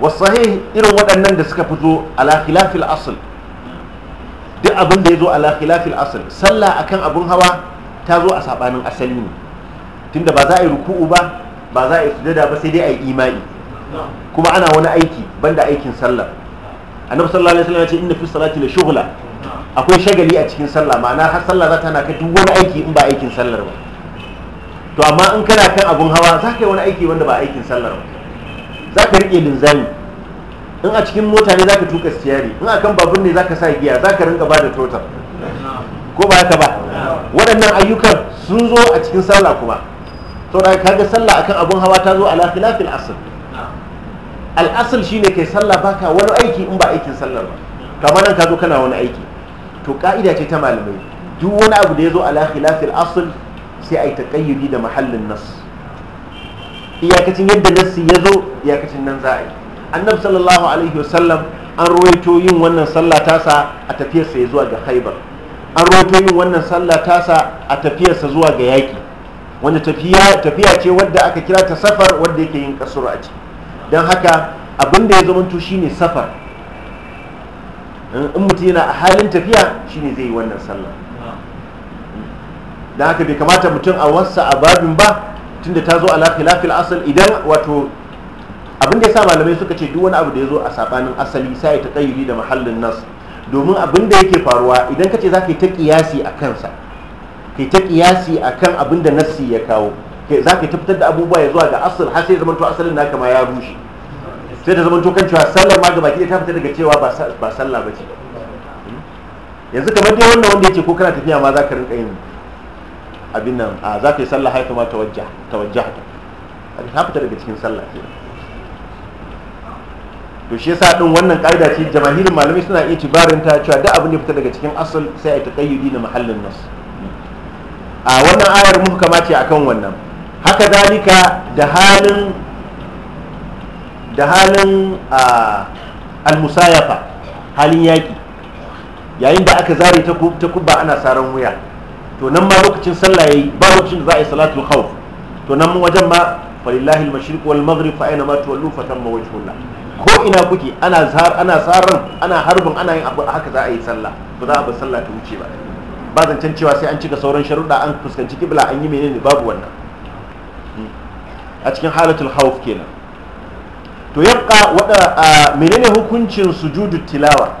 wasahi irin waɗannan da suka fito ala khilafil asl duk abin da ya zo ala khilafil asl sallah akan abin hawa ta zo a sabanin asali ne tunda ba za a yi ruku'u ba ba za a yi sujada ba sai dai a yi imani kuma ana wani aiki banda aikin sallah annabi sallallahu alaihi wasallam ya ce inna fi salati la shughla akwai shagali a cikin sallah ma'ana har sallah za ta na ka duk wani aiki in ba aikin sallar ba to amma in kana kan abun hawa za ka yi wani aiki wanda ba aikin sallar ba za ka riƙe linzami in a cikin mota ne za ka tuka siyari in a kan babur ne za ka sa giya za ka rinka ba da totar ko ba haka ba waɗannan ayyukan sun zo a cikin sallah kuma to ka kaga sallah akan abun hawa ta zo ala khilafil asl al asl shine kai sallah baka wani aiki in ba aikin sallar ba kama nan ka zo kana wani aiki to ka'ida ce ta malamai duk wani abu da ya zo ala khilafil asl sai yi taqayyudi da mahallin nas iyakacin yadda nassi ya zo iyakacin nan za a yi annabi sallallahu alaihi wasallam an rawaito yin wannan sallah tasa a tafiyarsa ya zuwa ga haibar an rawaito yin wannan sallah tasa a tafiyarsa zuwa ga yaƙi wanda tafiya ce wadda aka kira ta safar wadda yake yin kasuru a ciki don haka abin da ya zamanto shine safar in mutum yana a halin tafiya shine zai yi wannan sallah don haka bai kamata mutum a wasa a babin ba tunda ta zo ala khilafil asal idan wato abin da ya sa malamai suka ce duk wani abu da ya zo a sabanin asali sai ta tayyuri da mahallin nas domin abin da yake faruwa idan ka ce za ka yi ta kiyasi a kansa ka yi ta kiyasi a kan abin da nassi ya kawo za ka yi ta fitar da abubuwa ya zuwa ga asal har sai zamanto asalin na kama ya rushe sai ta zamanto kan cewa sallar ma gabaki ta fita daga cewa ba sallah ba ce hmm? yanzu kamar dai wannan wanda ya ce ko kana tafiya ma za ka rinka yin abin nan za ka yi sallah haifa ma ta wajja ta fita daga cikin sallah ke to shi yasa din wannan ka'ida ce jama'irin malamai suna iya tibarin ta cewa duk abin da fita daga cikin asal sai a taƙayyudi na mahallin nas a wannan ayar kuma ce akan wannan haka zalika da halin da halin almusayafa halin yaƙi yayin da aka zare ta kubba ana saran wuya to nan ma lokacin sallah yayi ba lokacin da za a yi salatul khawf to nan wajen ma falillahi al-mashriq wal maghrib fa aina ma tuwallu fa tamma wajhullah ko ina kuke ana zar ana saran ana harbin ana yin abu haka za a yi sallah ba za a bar sallah ta wuce ba ba zancen cewa sai an cika sauran sharuɗa an fuskanci kibla an yi menene babu wannan a cikin halatul khawf kenan to yabqa wada menene hukuncin sujudu tilawa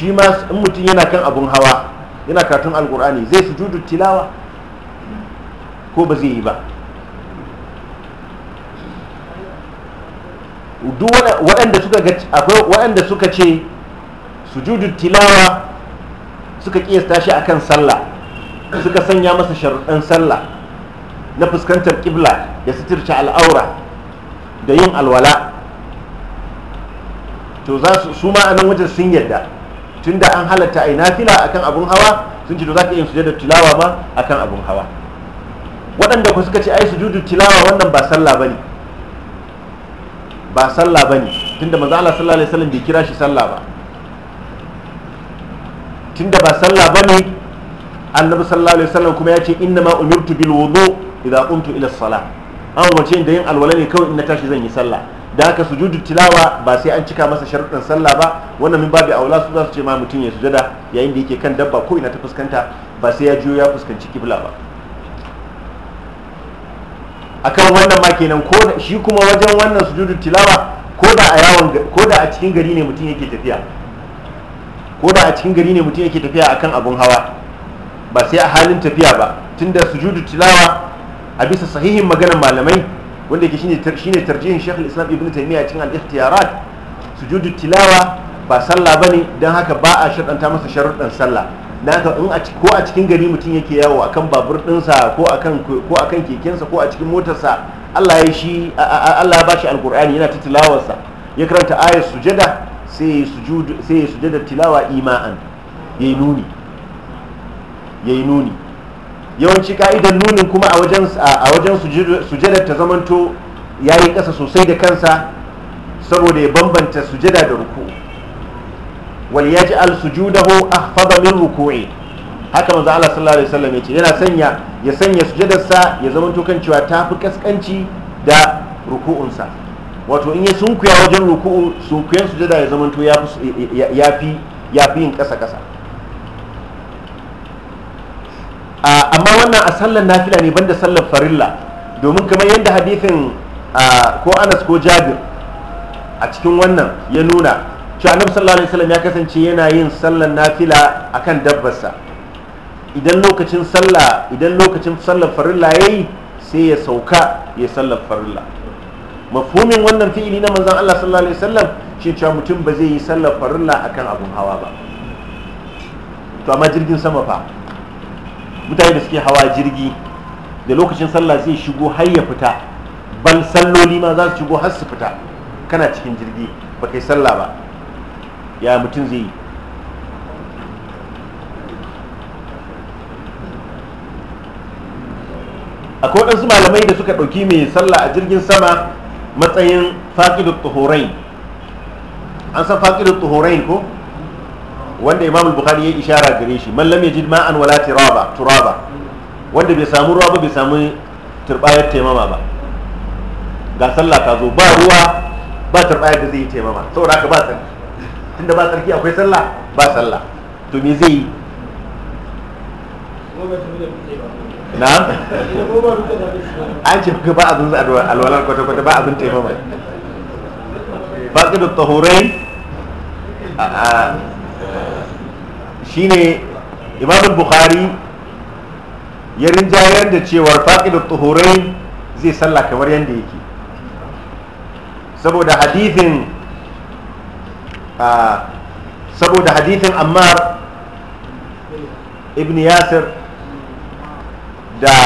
shi ma in mutum yana kan abun hawa yana karatun alkur'ani zai sujudu tilawa ko ba zai yi ba waɗanda suka akwai waɗanda suka ce sujudu tilawa suka kiyasta shi kan sallah suka sanya masa sharuɗan sallah na fuskantar ƙibla da sitirce al'aura da yin alwala to za su ma a nan wajen sun yadda tun da an halatta fila a kan abun hawa sun ce to ka yin sujudar tilawa ma kan abun hawa waɗanda ku suka ce ai sujudu tilawa wannan ba sallah bane ba sallah bane tun da maza'ala sallah alaihi wasallam bai kira shi sallah ba tun da ba sallah bane annabi sallallahu alaihi sallam kuma ya ce inna ma umirtu bil wudu idza qumtu ila as-salah an wace da yin alwala ne kawai in na tashi zan yi sallah da haka sujudu tilawa ba sai an cika masa sharuɗin sallah ba wannan min babu aula su za su ce ma mutum ya sujada yayin da yake kan dabba ko ina ta fuskanta ba sai ya juyo ya fuskanci kibla ba akan wannan ma kenan ko shi kuma wajen wannan sujudu tilawa ko da a yawon ko da a cikin gari ne mutum yake tafiya ko da a cikin gari ne mutum yake tafiya akan abun hawa ba sai a halin tafiya ba tunda sujudu tilawa a bisa sahihin maganar malamai wanda yake shine tarjihin Sheikh al-Islam Ibn Taymiyyah cikin al-Ikhtiyarat sujudu tilawa ba sallah ne dan haka ba a shaddanta masa sharuɗan sallah dan haka in a ko a cikin gari mutum yake yawo akan babur ɗinsa ko akan ko kekensa ko a cikin motarsa Allah ya shi Allah bashi yana ta tilawarsa ya karanta ayar sujada sai ya sujudu sai sujada tilawa ima'an yayi nuni yayi nuni yawanci ka'idar nunin kuma a wajen sujadar sujada ta zamanto yi kasa sosai da kansa saboda ya bambanta sujada da ruku ji al sujudahu a min ruku'i haka maza Allah sallallahu alaihi wasallam ce, yana sanya ya sanya sujadarsa ya zama kan cewa ta fi kaskanci da ruku'unsa wato in ya sunkuya wajen ruku'u sunkuyan sujada ya zama ya fi yin ƙasa kasa amma wannan a sallar nafila ne banda sallar farilla domin kamar yadda hadithin ko anas ko jabir a cikin wannan ya nuna cewa annabi sallallahu alaihi wasallam ya kasance yana yin sallar nafila akan dabbarsa idan lokacin sallah idan lokacin sallar farilla yayi sai ya sauka ya sallar farilla mafhumin wannan fi'ili na manzon Allah sallallahu alaihi wasallam shi cewa mutum ba zai yi sallar farilla akan abun hawa ba to amma jirgin sama fa mutane da suke hawa jirgi da lokacin sallah zai shigo har ya fita ban salloli ma za su shigo har su fita kana cikin jirgi ba kai sallah ba ya mutum zai yi akwai waɗansu malamai da suka ɗauki mai sallah a jirgin sama matsayin da tuhorain an san da tuhorain ko wanda imam al-bukhari ya ishara gare shi man lam yajid ma'an wala turaba turaba wanda bai samu ruwa ba bai samu turbayar taimama ba ga sallah ta zo ba ruwa ba turbayar da zai yi taimama saboda haka ba tsarki tunda ba tsarki akwai sallah ba sallah to me zai yi na'am an ce ba abin alwalar kwata-kwata ba abin taimama faƙi da tahurai shine imam bukhari ya rinjayar da cewar faqidu tuhurai zai salla kamar yadda yake saboda hadithin saboda hadithin ammar ibn yasir da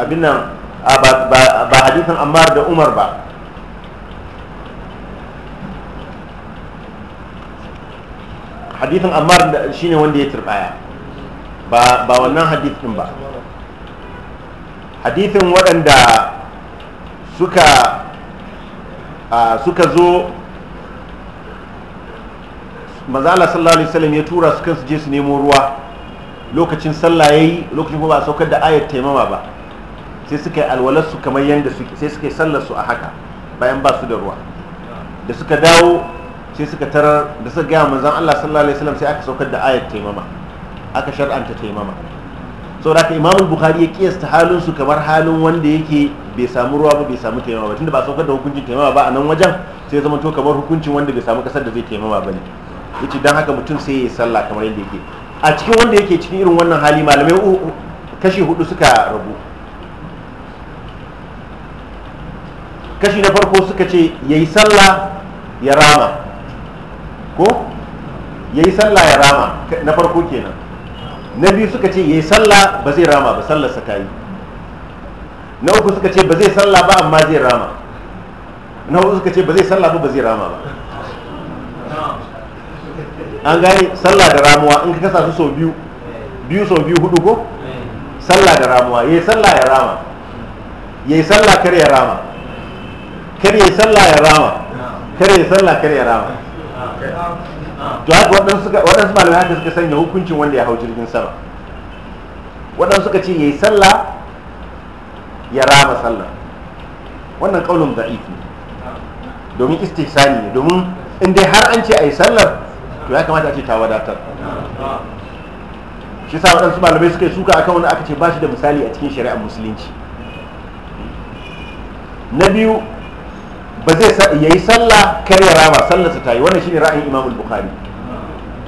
abin ba hadithin ammar da umar ba hadithin ammar shine wanda ya turbaya ba ba wannan hadithin ba hadithin waɗanda suka suka zo mazala sallallahu alaihi wasallam ya tura su kansu je su nemo ruwa lokacin sallah yayi lokacin kuma ba saukar da ayat taimama ba sai suka yi alwalar su kamar yadda suke sai suka yi sallar su a haka bayan ba su da ruwa da suka dawo sai suka tarar da suka gaya manzan Allah sallallahu alaihi wasallam sai aka saukar da ayat taimama aka shar'anta taimama saboda haka imamul Bukhari ya kiyasta halin su kamar halin wanda yake bai samu ruwa ba bai samu taimama ba tunda ba saukar da hukuncin taimama ba a nan wajen sai ya zama to kamar hukuncin wanda bai samu kasar da zai taimama ba ne yace dan haka mutum sai ya sallah kamar yadda yake a cikin wanda yake cikin irin wannan hali malamai kashi hudu suka rabu kashi na farko suka ce ya yi sallah ya rama ko ya yi sallah ya rama na farko kenan na biyu suka ce ya yi sallah ba zai rama ba sallarsa ta yi na uku suka ce ba zai sallah ba amma zai rama na uku suka ce ba zai sallah ba ba zai rama ba an gane sallah da ramuwa in ka kasa su sau biyu biyu sau biyu hudu ko sallah da ramuwa ya yi sallah ya rama ya yi sallah kar ya rama kar ya yi sallah ya rama kar ya yi sallah kar ya rama to haka waɗansu malamai haka suka sanya hukuncin wanda ya hau jirgin sama waɗansu suka ce ya yi sallah ya rama sallah wannan kaulun da'if ne domin istihsani ne domin in dai har an ce a yi sallar to ya kamata a ce ta wadatar shi sa waɗansu malamai suka yi suka akan wani aka ce ba shi da misali a cikin shari'ar musulunci na biyu ba zai yi sallah kar ya rama sallarsa ta yi wannan shine ra'ayin imam al-bukhari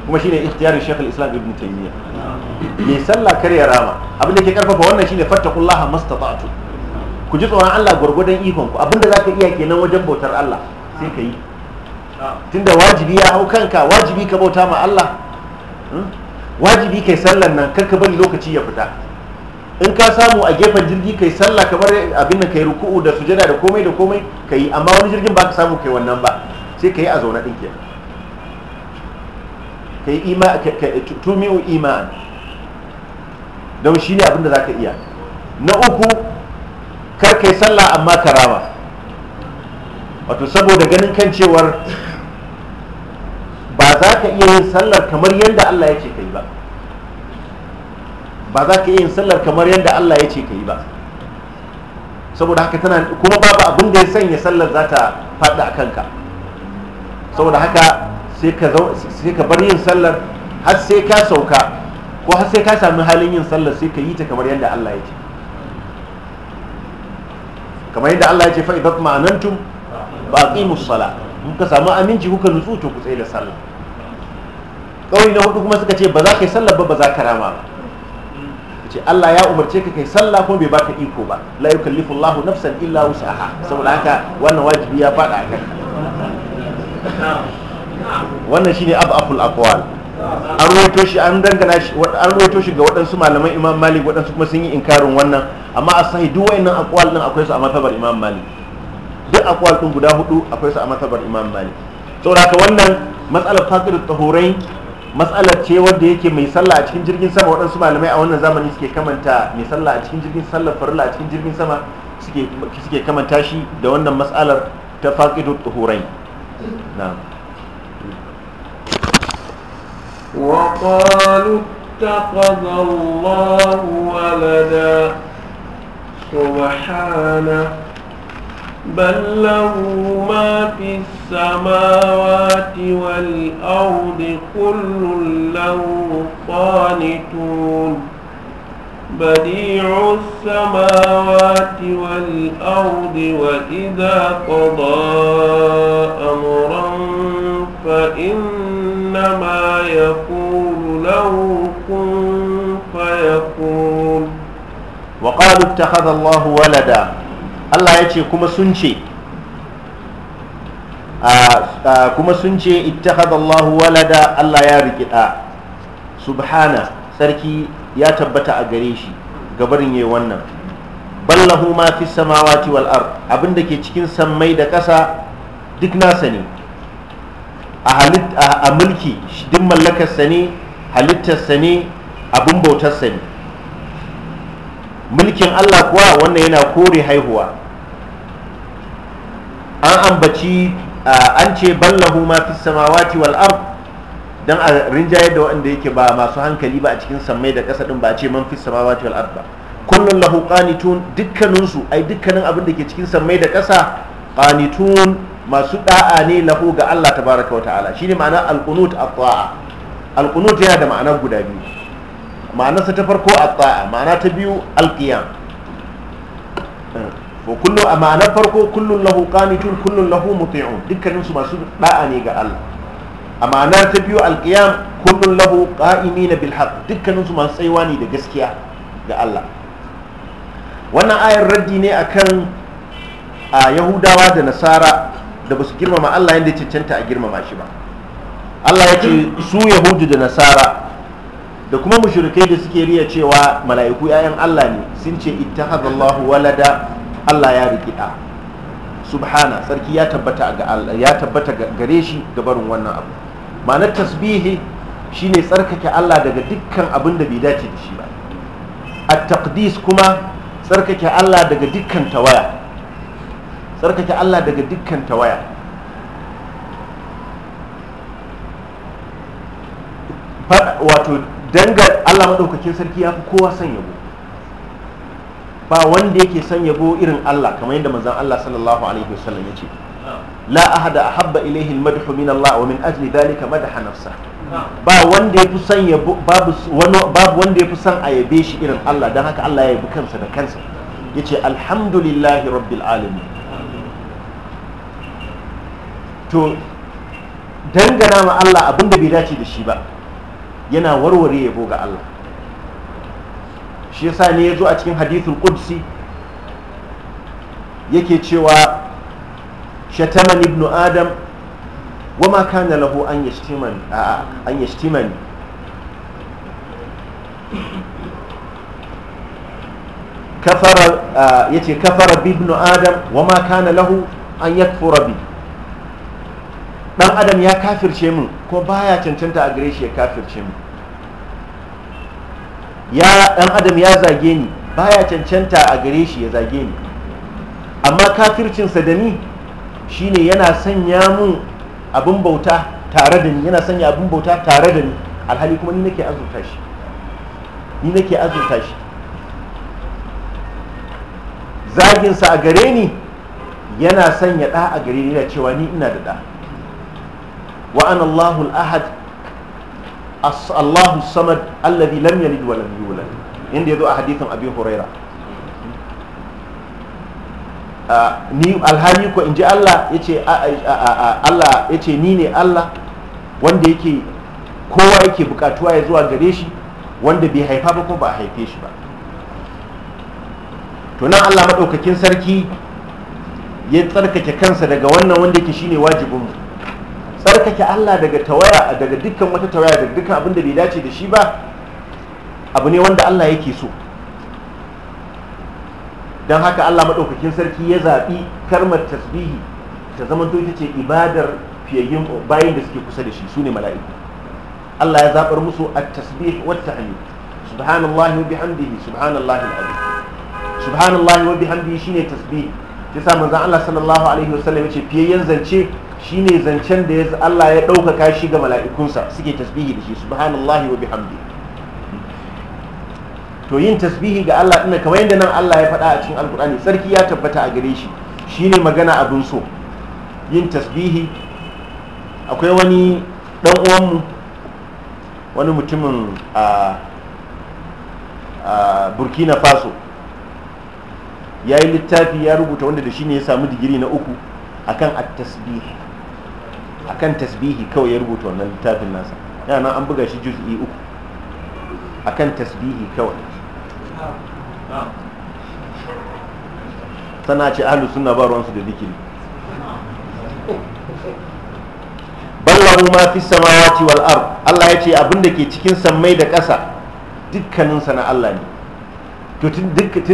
kuma shine ikhtiyarin shaykh al-islam ibn taymiyyah yi sallah kar ya rama abin da ke karfafa wannan shine fattaqullaha mastata'tu ku ji tsoron Allah gwargwadon ikon ku abinda zaka iya kenan wajen bautar Allah sai ka yi tunda wajibi ya hau kanka wajibi ka bauta ma Allah hmm? wajibi kai sallar nan kar ka bari lokaci ya fita in ka samu a gefen jirgi kai sallah kamar abin da kai ruku'u da sujada da komai da komai ka yi amma wani jirgin ba ka samu kai wannan ba sai ka yi a zaune ɗin kenan ka yi ima tumi'u iman don shi ne abinda za ka iya na uku kar kai sallah amma karama wato saboda ganin kan cewar ba za ka iya yin sallar kamar yadda Allah ya ce ka yi ba ba za ka iya yin sallar kamar yadda Allah ya ce ka yi ba saboda haka tana kuma babu abin da ya sanya sallar za ta faɗi a kanka saboda haka sai ka bar yin sallar har sai ka sauka ko har sai ka sami halin yin sallar sai ka yi ta kamar yadda Allah ya ce kamar yadda Allah ya ce fa idat ma'anantum ba aqimus sala in ka samu aminci kuka nutsu to ku tsaye da sallah kawai na hudu kuma suka ce ba za ka yi sallar ba ba za ka rama ba ce Allah ya umarce ka kai sallah kuma bai baka iko ba la yukallifu Allahu nafsan illa wus'aha saboda haka wannan wajibi ya fada a kai wannan shine aful aqwal an rawaito shi an dangana shi an rawaito shi ga waɗansu malaman Imam Malik waɗansu kuma sun yi inkarin wannan amma a sahi duk wayannan aqwal din akwai su a matabar Imam Malik duk aqwal din guda hudu akwai su a matabar Imam Malik saboda haka wannan matsalar faqir tahurain matsalar ce wadda yake mai sallah a cikin jirgin sama waɗansu malamai a wannan zamani suke kamanta mai sallah a cikin jirgin sallar farilla a cikin jirgin sama suke kamanta shi da wannan matsalar ta faƙidu tuhurai na وقالوا ta الله ولدا سبحانه بل له ما في السماوات والأرض كل له قانتون بديع السماوات والأرض وإذا قضى أمرا فإنما يقول له كن فيكون وقالوا اتخذ الله ولدا Allah ya ce kuma sun ce kuma sun ce ittakhadallahu walada Allah ya riki ɗa subhana sarki ya tabbata a gare shi gabarin yayi wannan ballahu ma fi samawati wal abinda ke cikin sammai da ƙasa duk nasa ne a mulki duk mallakarsa ne halittarsa ne abin bautarsa ne mulkin Allah kuwa wannan yana kore haihuwa an ambaci an ce ballahu ma fi samawati wal ard dan a rinjaye da wanda yake ba masu hankali ba a cikin sammai da kasa din ba a ce man fi samawati wal ard ba kullun lahu qanitun dukkanin ai dukkanin abin da ke cikin sammai da kasa qanitun masu da'a ne lahu ga Allah tabaraka wa ta'ala shine ma'ana al-qunut at-ta'a al-qunut yana da ma'ana guda biyu ma'anarsa ta farko at-ta'a ma'ana ta biyu al-qiyam wa kullum a ma'anar farko kullum lahu qanitun kullum lahu muti'un dukkanin su masu da'a ne ga Allah a ta biyu alqiyam kullum lahu qa'imina bil haqq dukkanin su masu tsayuwa ne da gaskiya ga Allah wannan ayar raddi ne akan a yahudawa da nasara da basu girmama Allah yadda cancanta a girmama shi ba Allah ya ce su yahudu da nasara da kuma mushrikai da suke riya cewa mala'iku 'ya'yan Allah ne sun ce ittakhadallahu walada Allah ya rikida subhana sarki ya tabbata ga Allah ya tabbata gare shi ga barin wannan abu ma'ana tasbihi shine tsarkake Allah daga dukkan abin da bai dace da shi ba at-taqdis kuma tsarkake Allah daga dukkan tawaya tsarkake Allah daga dukkan tawaya wato dangar Allah maɗaukakin sarki ya fi kowa san yabo ba wanda yake son yabo irin Allah kamar yadda manzon Allah sallallahu alaihi wasallam yace la ahada ahabba ilayhi almadhu min Allah wa min ajli dhalika madaha nafsa ba wanda yafi son yabo babu babu wanda yafi son a shi irin Allah dan haka Allah ya yabi kansa da kansa yace alhamdulillahi rabbil alamin to dangana ma Allah abinda bai dace da shi ba yana warware yabo ga Allah shi yasa ne ya zo a cikin hadithul qudsi yake cewa shataman ibnu adam ma kana lahu an yashtiman an yashtiman kafara yace kafara bi ibnu adam wa ma kana lahu an yakfura bi dan adam ya kafirce mu ko baya cancanta a gare shi ya kafirce mu ya dan adam ya zage ni baya cancanta a gare shi ya zage ni amma kafircinsa da ni shine yana sanya mun abin bauta tare da ni yana sanya abin bauta tare da ni alhali kuma ni nake azurta shi ni nake azurta shi zaginsa a gare ni yana sanya ɗa a gare ni da cewa ni ina da ɗa wa'an al ahad Allahu samad alladhi lam yalid wa lam yulad inda yazo a hadithin Abi Huraira ni alhali ko inji Allah yace Allah yace ni ne Allah wanda yake kowa yake bukatuwa ya zuwa gare shi wanda bai haifa ba ko ba a haife shi ba to nan Allah madaukakin sarki ya tsarkake kansa daga wannan wanda yake shine wajibinmu tsarkake Allah daga tawaya daga dukkan wata tawaya daga dukkan abin da bai dace da shi ba abu ne wanda Allah yake so don haka Allah maɗaukakin sarki ya zaɓi karmar tasbihi ta zama ita ce ibadar fiyayyin bayan da suke kusa da shi su ne mala'iku Allah ya zaɓar musu a tasbih wa ta'ayyud subhanallahi wa bihamdihi subhanallah al-azim subhanallahi wa bihamdihi shine tasbih yasa manzon Allah sallallahu alaihi wasallam ce fiyayyen zance shi ne zancen da ya Allah ya ɗaukaka shi ga mala'ikunsa suke tasbihi da shi subhanallahi wa bihamdi to yin tasbihi ga Allah ɗin kamar yadda nan Allah ya faɗa a cikin alkur'ani sarki ya tabbata a gare shi shi ne magana abin so yin tasbihi akwai wani ɗan uwanmu wani mutumin a burkina faso ya yi littafi ya rubuta wanda da shi ne ya samu digiri na uku akan at-tasbih akan tasbihi kawai ya rubuta wannan littafin nasa yana an buga shi juz'i uku akan tasbihi kawai sana ce ahlus sunna ba ruwansu da zikiri ballahu ma fi samawati wal ard Allah ya ce abin da ke cikin sammai da ƙasa dukkanin sa na Allah ne to tun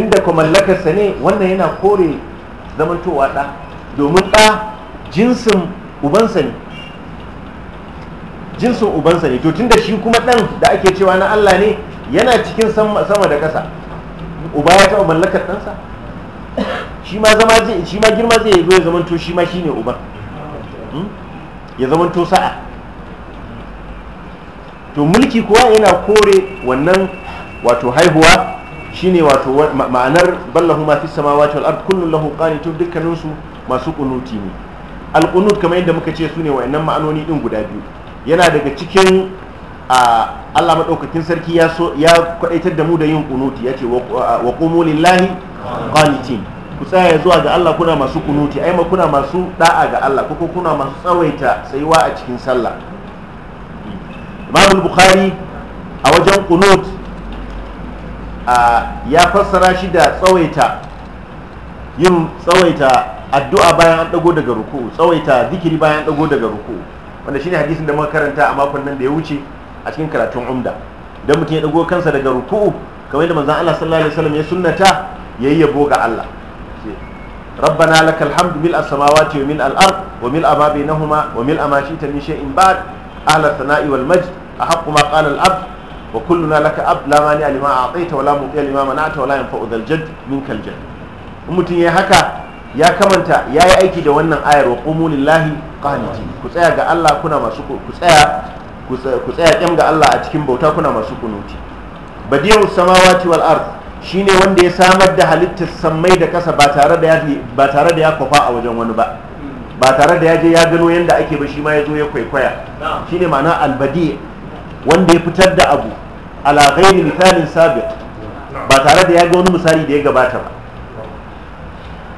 da kuma mallakarsa ne wannan yana kore zamantowa ɗa domin ɗa jinsin ubansa ne jinsin ubansa ne to tunda shi kuma dan da ake cewa na Allah ne yana cikin sama da kasa uba ya taɓa mallakar ɗansa shi ma zama shi ma girma zai yi ya zamanto shi ma shine uban hmm? ya zamanto sa'a to mulki kuwa yana kore wannan wato haihuwa shine wato ma'anar ballahu ma fi samawati wal ard kullu lahu qanitun dukkaninsu masu kunuti ne alƙunut kamar yadda muka ce su ne wa'annan ma'anoni ɗin guda biyu yana daga cikin Allah maɗaukakin sarki ya kwaɗaitar da mu da yin ƙunuti ya ce wa ƙumu lillahi ku tsaya zuwa ga Allah kuna masu ƙunuti ai kuna masu ɗa'a ga Allah ko kuna masu tsawaita tsayuwa a cikin sallah Imam Bukhari a wajen ƙunut ya fassara shi da tsawaita yin tsawaita addu'a bayan an dago daga ruku'u tsawaita zikiri bayan dago daga ruku'u wanda shine hadisin da muka karanta a makon nan da ya wuce a cikin karatun umda dan mutum ya dago kansa daga ruku'u kamar yadda manzon Allah sallallahu alaihi wasallam ya sunnata yayi yabo ga Allah ربنا لك الحمد ملء السماوات وملء الأرض وملء ما بينهما وملء ما شئت من شيء بعد أهل الثناء والمجد أحق ما قال الأب وكلنا لك أب لا مانع لما أعطيت ولا مطيع لما منعت ولا ينفع ذا الجد منك الجد mutum ya haka ya kamanta ya yi aiki da wannan ayar wa ƙumu lillahi ku tsaya ga Allah kuna masu ku tsaya ku tsaya ƙyam ga Allah a cikin bauta kuna masu kunuti badiyar samawati wal ard shine wanda ya samar da halittar sammai da kasa ba tare da ya ba tare da ya kwafa a wajen wani ba ba tare da ya je ya gano yanda ake ba shi ma ya zo ya kwaikwaya shine ma'ana albadi wanda ya fitar da abu ala ghairi misalin sabit ba tare da ya ga wani misali da ya gabata ba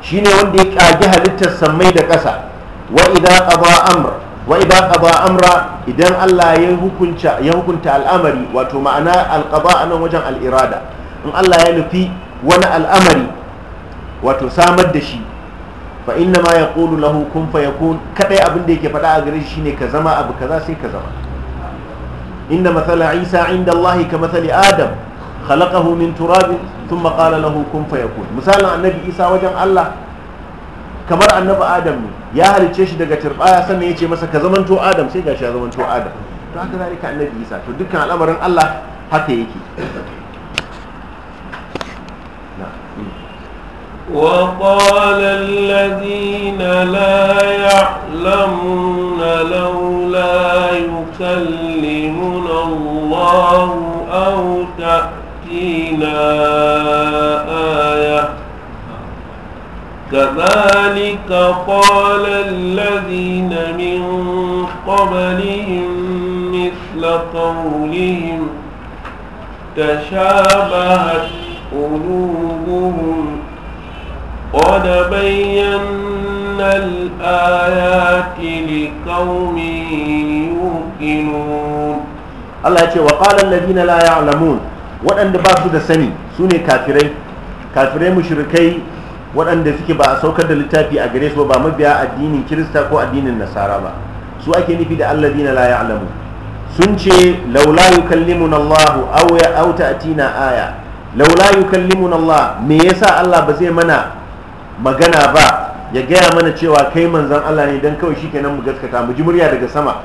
shine wanda ya kage halittar sammai da ƙasa wa idan wa idan amra idan Allah ya hukunta ya hukunta al'amari wato ma'ana alqada anan wajen al'irada in Allah ya nufi wani al'amari wato samar da shi fa inna ma yaqulu lahu kun fayakun kadai abin da yake faɗa a gare shi shine ka zama abu kaza sai ka zama inna mathala isa inda Allah ka mathali adam khalaqahu min turabin thumma qala lahu kun fayakun misalin annabi isa wajen allah kamar annabi adam ne ya halice shi daga turbaya sannan ya ce masa ka zamanto adam sai gashi ya zamanto adam to haka zalika annabi isa to dukkan al'amarin allah haka yake وقال الذين لا يعلمون لولا يكلمنا الله فينا آية كذلك قال الذين من قبلهم مثل قولهم تشابهت قلوبهم قد بينا الآيات لقوم يوقنون الله يقول وقال الذين لا يعلمون waɗanda ba su da sani su ne kafirai kafirai mushrikai waɗanda suke ba a saukar da littafi a gare su ba mabiya addinin kirista ko addinin nasara ba su ake nufi da allah dina la ya'lamu sun ce laula yukallimuna Allah aw aw ta'tina aya laula yukallimuna Allah me yasa Allah ba zai mana magana ba ya gaya mana cewa kai manzon Allah ne dan kawai shi shikenan mu gaskata mu ji murya daga sama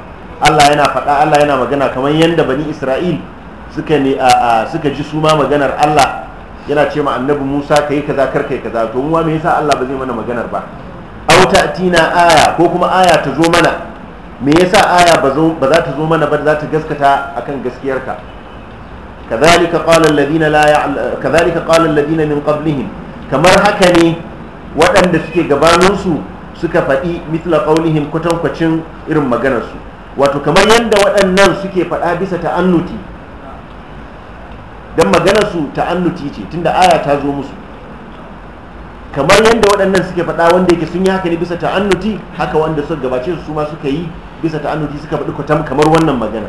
Allah yana faɗa Allah yana magana kamar yanda bani Isra'il suka ne a suka ji su ma maganar Allah yana ce ma annabi Musa kai kaza kar kai kaza to mu me yasa Allah ba zai mana maganar ba aw ta'tina aya ko kuma aya ta zo mana me yasa aya ba za ta zo mana ba za ta gaskata akan gaskiyarka kadhalika qala alladhina la kadhalika qala alladhina min qablihim kamar haka ne waɗanda suke gabaninsu suka faɗi mitla ƙaunihim kwatankwacin irin maganarsu wato kamar yadda waɗannan suke faɗa bisa ta'annuti don maganarsu ta'annuti ce tunda aya ta zo musu kamar yadda waɗannan suke faɗa wanda yake sun yi haka ne bisa ta'annuti haka wanda suka gabace su ma suka yi bisa ta'annuti suka faɗi kwatam kamar wannan magana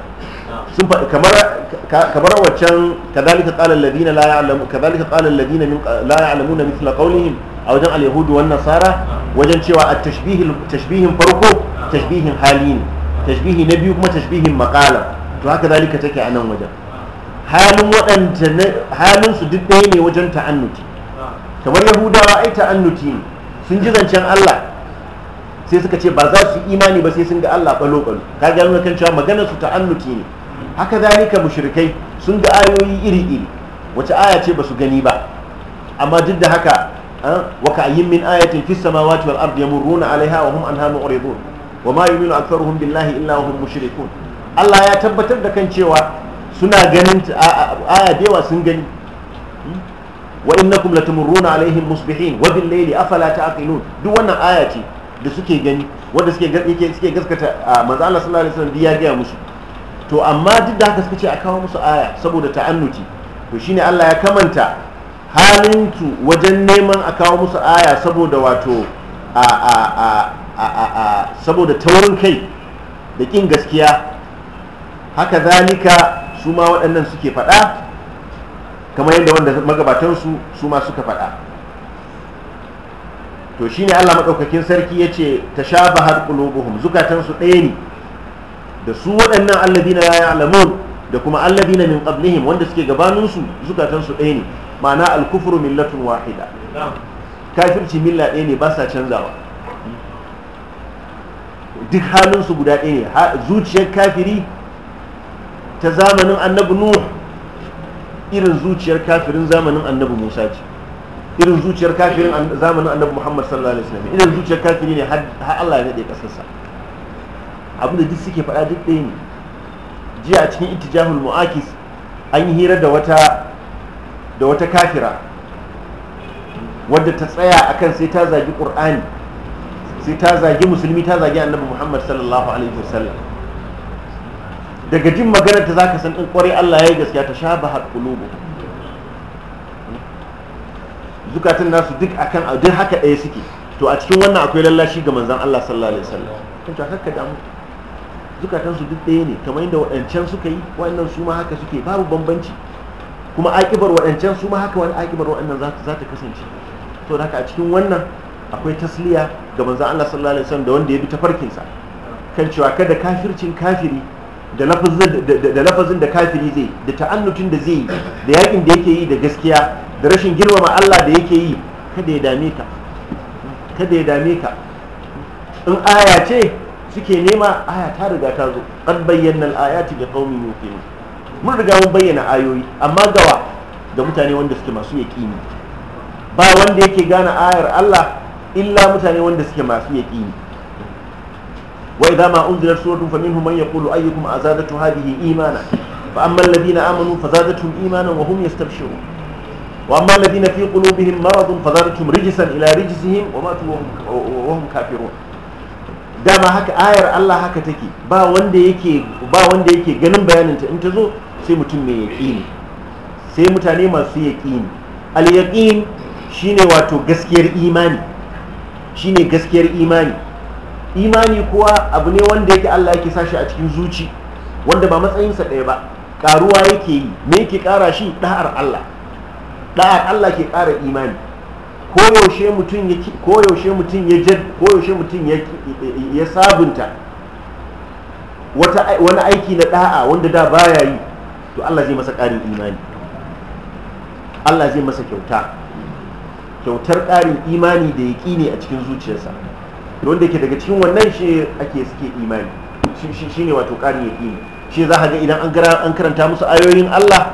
sun faɗi kamar kamar waccan kadhalika qala ladina la ya'lamu kadhalika qala alladhina min la ya'lamuna mithla qawlihim a wajen al-yahud nasara wajen cewa at-tashbih tashbihin farko tashbihin hali ne tashbihi na biyu kuma tashbihin maqala to haka zalika take a nan wajen halin waɗanda halin su duk ɗaya ne wajen ta'annuti kamar yahudawa ai ta'annuti ne sun ji zancen Allah sai suka ce ba za su imani ba sai sun ga Allah balo balo ka ga nuna kan cewa maganar su ta'annuti ne haka zalika mushrikai sun ga ayoyi iri iri wace aya ce ba su gani ba amma duk da haka wa ka'ayyin min ayatin fis samawati wal ardi yamurruna alaiha wa hum anha mu'ridun wa ma yu'minu aktharuhum billahi illa hum mushrikun Allah ya tabbatar da kan cewa suna ganin aya da yawa sun gani wa innakum latamurruna alaihim musbihin wa bil layli afala ta'qilun duk wannan aya ce da suke gani wanda suke yake suke gaskata manzo Allah sallallahu alaihi wasallam ya gaya musu to amma duk da haka suka ce a kawo musu aya saboda ta'annuti to shine Allah ya kamanta halin su wajen neman a kawo musu aya saboda wato a a a a saboda taurin kai da kin gaskiya haka zalika su ma waɗannan suke faɗa kamar yadda wanda magabatansu su ma suka faɗa to shi ne Allah maɗaukakin sarki ya ce ta sha har ƙulubuhun zukatansu ɗaya ne da su waɗannan allabi na ya alamun da kuma allabi na min ƙablihim wanda suke gabaninsu zukatansu ɗaya ne ma'ana alkufuru millatun wahida kafirci milla ɗaya ne ba sa canzawa duk halinsu guda ɗaya ne zuciyar kafiri ta zamanin annabi nuh irin zuciyar kafirin zamanin annabi musa ce irin zuciyar kafirin zamanin annabi muhammad sallallahu alaihi wasallam irin zuciyar kafiri ne har allah ya nade kasarsa abinda duk suke faɗa duk ɗaya ne jiya a cikin ittijahul mu'akis an yi hira da wata da wata kafira wadda ta tsaya akan sai ta zagi qur'ani sai ta zagi musulmi ta zagi annabi muhammad sallallahu alaihi wasallam daga jin magana ta zaka san in kwarai Allah ya yi gaskiya ta shabahat qulubu zukatan nasu duk akan duk haka ɗaya suke to a cikin wannan akwai lallashi ga manzan Allah sallallahu alaihi wasallam to ta kakka damu zukatan su duk ɗaya ne kamar yadda waɗancan suka yi waɗannan su ma haka suke babu bambanci kuma aƙibar waɗancan su ma haka wani aƙibar waɗannan za ta kasance to da haka a cikin wannan akwai tasliya ga manzan Allah sallallahu alaihi wasallam da wanda ya bi tafarkinsa kan cewa kada kafircin kafiri da lafazin da kafiri zai da ta'annutin da zai da yakin da yake yi da gaskiya da rashin girmama Allah da yake yi kada ya dame ka kada ya dame ka in aya ce suke nema aya ta riga ta zo qad bayyana al-ayati li qaumin mun riga mun bayyana ayoyi amma gawa ga mutane wanda suke masu yaqini ba wanda yake gane ayar Allah illa mutane wanda suke masu yaqini وإذا ما أنزلت سورة فمنهم من يقول أيكم أزادته هذه إيمانا فأما الذين آمنوا فزادتهم إيمانا وهم يستبشرون وأما الذين في قلوبهم مرض فزادتهم رجسا إلى رجسهم وماتوا وهم كافرون dama haka ayar Allah haka take ba wanda yake ba wanda yake ganin bayaninta in ta zo sai mutum mai yaƙini sai mutane masu yaƙini al-yaqin shine wato gaskiyar imani shine gaskiyar imani imani kuwa abu ne wanda yake Allah yake sashi a cikin zuci wanda ba matsayinsa ɗaya ba karuwa yake yi me yake kara shi da'ar Allah da'ar Allah ke kara imani Ko yaushe mutum ya koyaushe mutum ya jad mutum ya ya sabunta wata wani aiki na da'a wanda da baya yi to Allah zai masa ƙarin imani Allah zai masa kyauta kyautar ƙarin imani da ne a cikin zuciyarsa da wanda yake daga cikin wannan shi ake suke imani shi ne wato ya ƙini shi za ga idan an karanta musu ayoyin Allah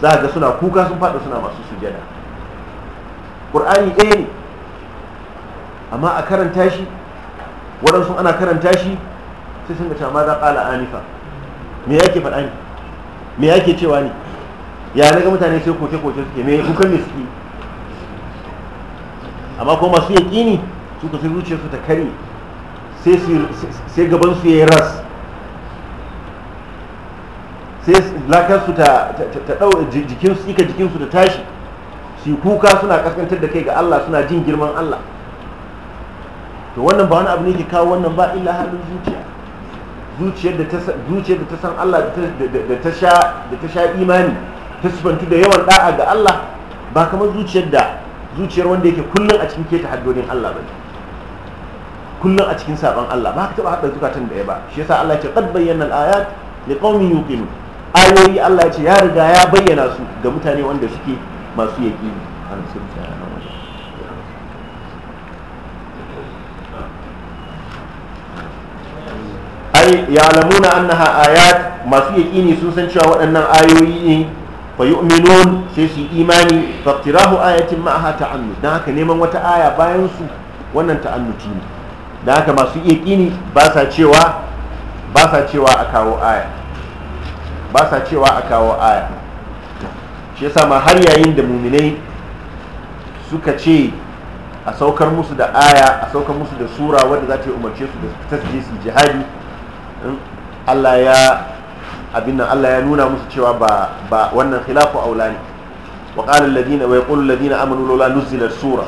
za ga suna kuka sun faɗi suna masu sujada ƙur'ani ɗaya ne amma a karanta shi waɗansu ana karanta shi sai sun gace ma za ƙala anifa me yake faɗa ne me yake cewa ne ya na ga mutane sai koke-koke suke me kukan ne suke amma kuma masu yaƙini su ka sai zuciyarsu ta kare sai gabansu ya yi ras sai su ta jikin jikinsu ika su ta tashi su kuka suna kaskantar da kai ga Allah suna jin girman Allah to wannan ba wani abu ne ke kawo wannan ba illa halin zuciya zuciyar da ta zuciyar da ta san Allah da ta sha da ta sha imani ta sifantu da yawan da'a ga Allah ba kamar zuciyar da zuciyar wanda yake kullun a cikin keta haddodin Allah bane kullum a cikin sabon Allah ba ka taba haɗa zukatan da ya ba shi yasa Allah ya ce qad bayyana al-ayat liqaumin yuqinu ayoyi Allah ya ce ya riga ya bayyana su ga mutane wanda suke masu yaqini an sun tsaya nan wajen annaha ayat masu yaqini sun san cewa waɗannan ayoyi ne Fa yu'minun sai su imani faktirahu ayatin ma'aha ta'annu Dan haka neman wata aya bayan su wannan ta'annuti ne da haka masu yaƙini ba sa cewa ba sa cewa a kawo aya ba sa cewa a kawo aya shi yasa ma har yayin da muminai suka ce a saukar musu da aya a saukar musu da sura wadda za ta yi umarce su da tasje su jihadi Allah ya abin nan Allah ya nuna musu cewa ba ba wannan khilafu aula ne wa qala alladhina wa yaqulu alladhina amanu lawla sura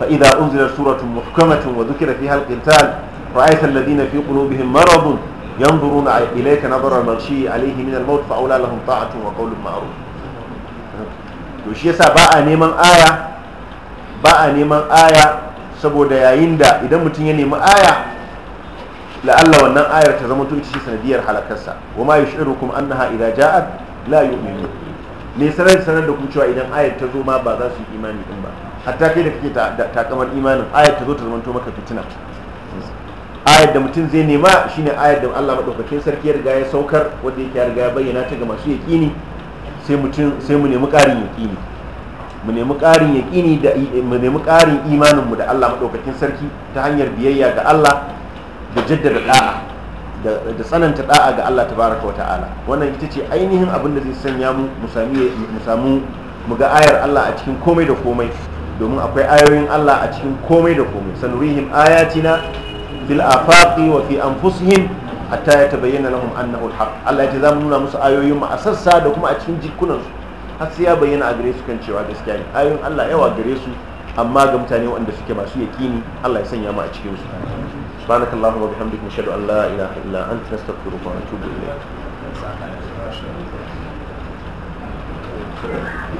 فإذا أنزلت سورة محكمة وذكر فيها القتال رأيت الذين في قلوبهم مرض ينظرون إليك نظر المغشي عليه من الموت فأولى لهم طاعة وقول معروف to shi yasa ba a neman aya ba a neman aya saboda yayin da idan mutum ya nemi aya la'alla wannan ayar ta zama ita sanadiyar halakarsa wa ma yushirukum annaha idza ja'at la yu'minu ne sanar sanar da ku cewa idan ayar ta zo ma ba za su yi imani din ba hatta kai da kake ta takamar imanin ayat ta zo ta zamanto maka fitina ayat da mutum zai nema shine ayat da Allah madaukakin sarki ya riga ya saukar wanda yake ya riga ya bayyana ta ga masu yaqini sai mutum sai mu nemi ƙarin yaqini mu nemi ƙarin yaqini da mu nemi ƙarin imanin mu da Allah madaukakin sarki ta hanyar biyayya ga Allah da jaddada da'a da tsananta da'a ga Allah tabaraka wa ta'ala wannan ita ce ainihin abin da zai sanya mu mu samu mu ga ayar Allah a cikin komai da komai domin akwai ayoyin Allah a cikin komai da komai sanurihim ayatina fil afaqi wa fi anfusihim hatta yatabayyana lahum annahu alhaq Allah ya ce zamu nuna musu ayoyin mu a da kuma a cikin jikunan su har sai ya bayyana a gare su kan cewa gaskiya ne ayoyin Allah yawa gare su amma ga mutane waɗanda suke masu yaqini Allah ya sanya mu a cikin su subhanakallahumma wa bihamdika nashhadu an la ilaha illa anta astaghfiruka wa atubu ilayk Thank you.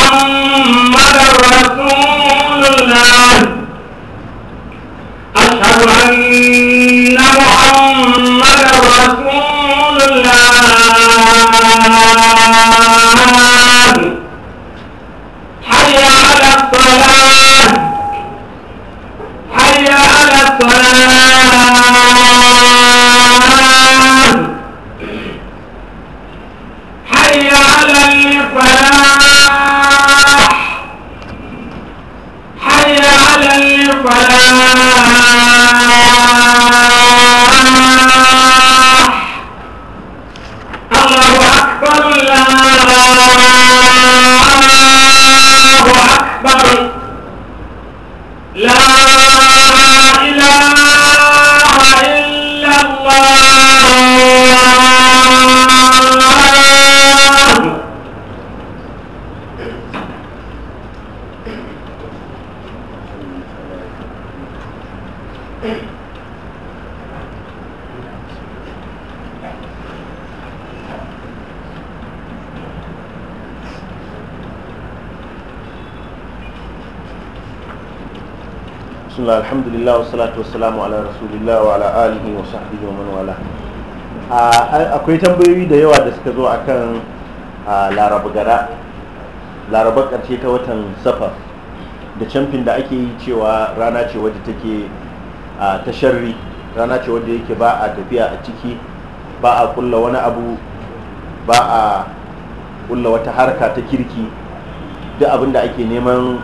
alhamdulillah alhamdulillah wa salatu wa salamu ala rasulillah wa ala alihi wa sahbihi akwai tambayoyi da yawa da suka zo a kan gara larabar karshe ta watan safar da camfin da ake yi cewa rana ce wadda take ta sharri rana ce wadda yake ba a tafiya a ciki ba a kulla wani abu ba a kulla wata harka ta kirki duk abin da ake neman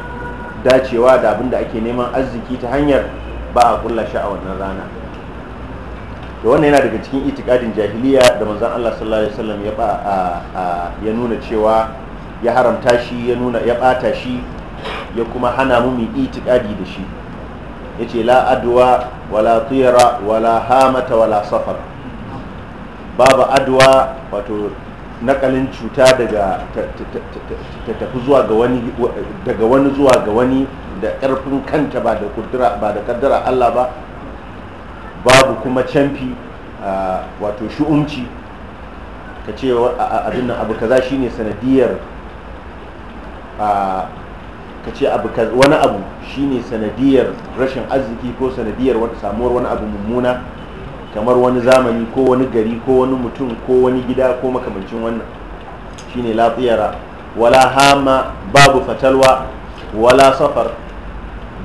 dacewa da abin da ake neman arziki ta hanyar ba a kulla shi a wannan rana da wannan yana daga cikin itikadin jahiliya da manzon Allah sallallahu alaihi wasallam ya ba ya nuna cewa ya haramta shi ya nuna ya bata shi ya kuma hana mu mu itikadi da shi yace la adwa wala tira wala hamata wala safar babu adwa wato nakalin cuta daga tafi zuwa ga wani daga wani zuwa ga wani da ƙarfin kanta ba da kudura ba da kaddara Allah ba babu kuma canfi wato shu'umci ka ce abin abu kaza shine sanadiyar ka ce wani abu shine sanadiyar rashin arziki ko sanadiyar samuwar wani abu mummuna kamar wani zamani ko wani gari ko wani mutum ko wani gida ko makamancin wannan shine la wala hama babu fatalwa wala safar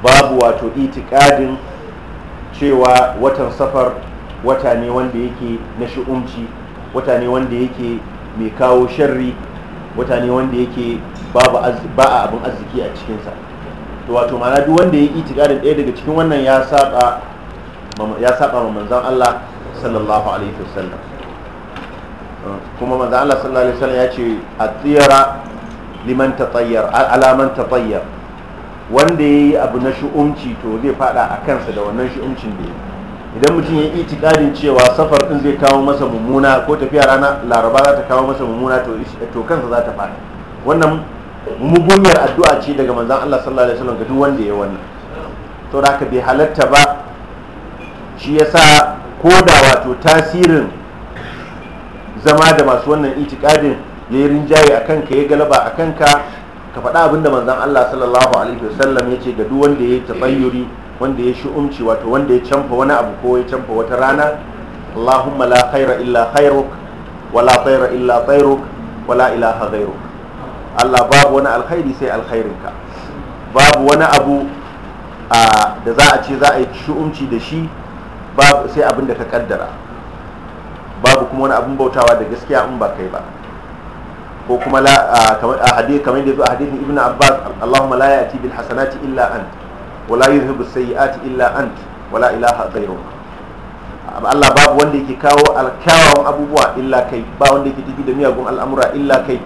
babu wato itikadin cewa watan safar wata ne wanda yake na shi'umci wata ne wanda yake mai kawo sharri wata ne wanda yake ba a abin arziki a cikinsa to wato ma'ana duk wanda ya yi itikadin ɗaya daga cikin wannan ya saba ya saba ma manzan Allah sallallahu alaihi wasallam uh, kuma manzan Allah sallallahu alaihi wasallam ya ce a tiyara liman tatayyar ala man tatayyar wanda yayi abu na shu'umci to zai fada a kansa da wannan shu'umcin da yake idan mutum ya itikadin cewa safar din zai kawo masa mummuna ko tafiya rana laraba za ta kawo masa mummuna to kansa za ta fada wannan mugunyar addu'a ce daga manzan Allah sallallahu alaihi wasallam ga duk wanda ya wannan to da haka bai halatta ba shi sa ko da wato tasirin zama da masu wannan itikadin ya yi rinjaye a kanka ya galaba a kanka ka faɗa abinda manzan Allah sallallahu alaihi wasallam ya ce ga duk wanda ya yi tabayyuri wanda ya umci wato wanda ya canfa wani abu ko ya canfa wata rana Allahumma la khaira illa khairuk wa la khaira illa khairuk wa la ilaha ghairuk Allah babu wani alkhairi sai alkhairinka babu wani abu da za a ce za a yi shi'umci da shi babu sai abin da ka kaddara babu kuma wani abin bautawa da gaskiya in ba kai ba ko kuma a hadith kamar da zo a hadithin ibn abbas allahumma la yati bil hasanati illa ant wa la yuzhibu sayyiati illa ant wa la ilaha ghayruk Allah babu wanda yake kawo alkyawawan abubuwa illa kai ba wanda yake tafi da miyagun al'amura illa kai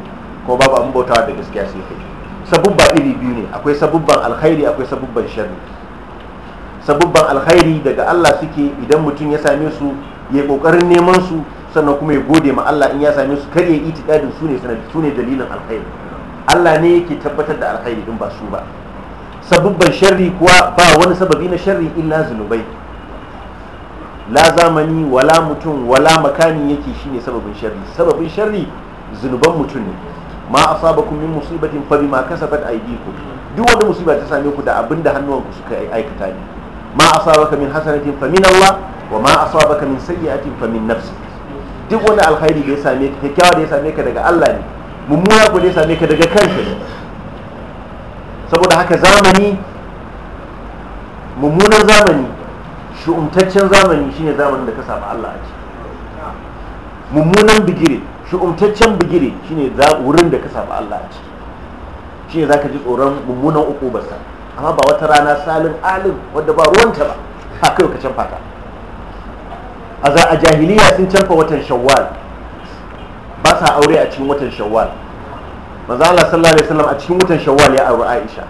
ko babu abin bautawa da gaskiya sai kai sabubba iri biyu ne akwai sabubban alkhairi akwai sabubban sharri sabubban alkhairi daga Allah suke idan mutum ya same su ya kokarin neman su sannan kuma ya gode ma Allah in ya same su kar ya itikadin su ne su ne dalilin alkhairi Allah ne yake tabbatar da alkhairi din ba su ba sabubban sharri kuwa ba wani sababi na sharri illa zunubai la zamani wala mutum wala makani yake shine sababin sharri sababin sharri zunuban mutum ne ma asabakum min musibatin fa bima kasabat aydikum duk wanda musiba ta same ku da abinda hannuwanku suka aikata ne ma asabaka min hasanatin fa min Allah wa ma asabaka min sayyi'atin fa min nafsi duk wani alkhairi da ya same ka kyakkyawa da ya same ka daga Allah ne mummuna ko da ya same ka daga kanka ne saboda haka zamani mummunan zamani shu'umtaccen zamani shine zamanin da ka saba Allah a ciki mummunan bigire shu'umtaccen bigire shine wurin da ka saba Allah a ciki shine zaka ji tsoron mummunan ukubarsa amma ba wata rana salin alim wadda ba ruwanta ba a kai ka canfa ta a za a jahiliya sun canfa watan shawwal ba sa aure a cikin watan shawwal za Allah sallallahu alaihi wasallam a cikin watan shawwal ya auri Aisha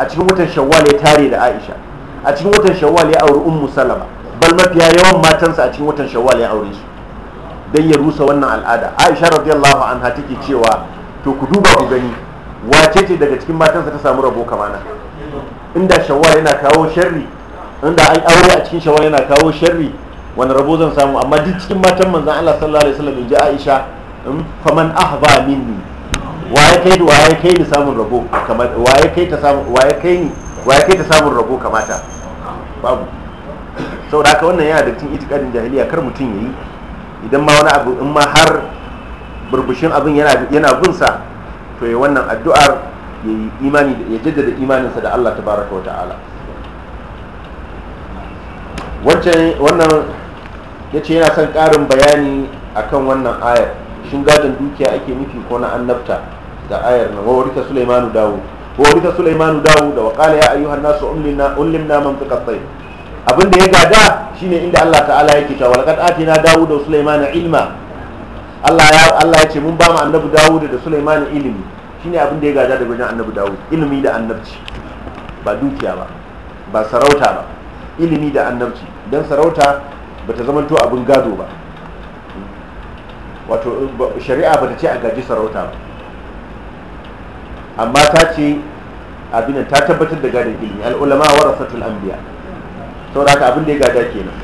a cikin watan shawwal ya tare da Aisha a cikin watan shawwal ya auri Ummu Salama bal mafiya yawan matansa a cikin watan shawwal ya aure su dan ya rusa wannan al'ada Aisha radiyallahu anha take cewa to ku duba ku gani wace ce daga cikin matansa ta samu rabo kamana inda shawwal yana kawo sharri inda an aure a cikin shawwal yana kawo sharri wani rabo zan samu amma duk cikin matan manzan Allah sallallahu alaihi wasallam ji Aisha hmm, man ahba minni waye kai waye kai ni samun rabo kamar waye kai ta samu waye kai ni waye kai ta samun rabo kamata babu saboda haka wannan yana da cikin itikadin jahiliya kar mutum yayi idan ma wani abu in ma har burbushin abin yana yana gunsa to ya wannan addu'ar ya jaddada imaninsa da Allah tabaraka wata'ala wancan wannan ya ce yana son ƙarin bayani akan wannan ayar shin gadon dukiya ake nufi ko na annabta da ayar na wawarita sulaimanu dawo wawarita sulaimanu dawo da waƙala ya ayyuhan nasu ullimna mantiqa kasai abin da ya gada shine inda Allah ta'ala yake cewa ati na dawo da sulaimanu ilma Allah ya ce mun ba mu annabu dawo da sulaimanu ilimi shine abin da ya gada da wajen annabi dawud ilimi da annabci ba dukiya ba ba sarauta ba ilimi da annabci don sarauta ba ta zamanto abin gado ba wato shari'a ba ta ce a gaji sarauta ba amma ta ce abin ta tabbatar da gadon ilimi al'ulama rasatul anbiya saboda haka abin da ya gada kenan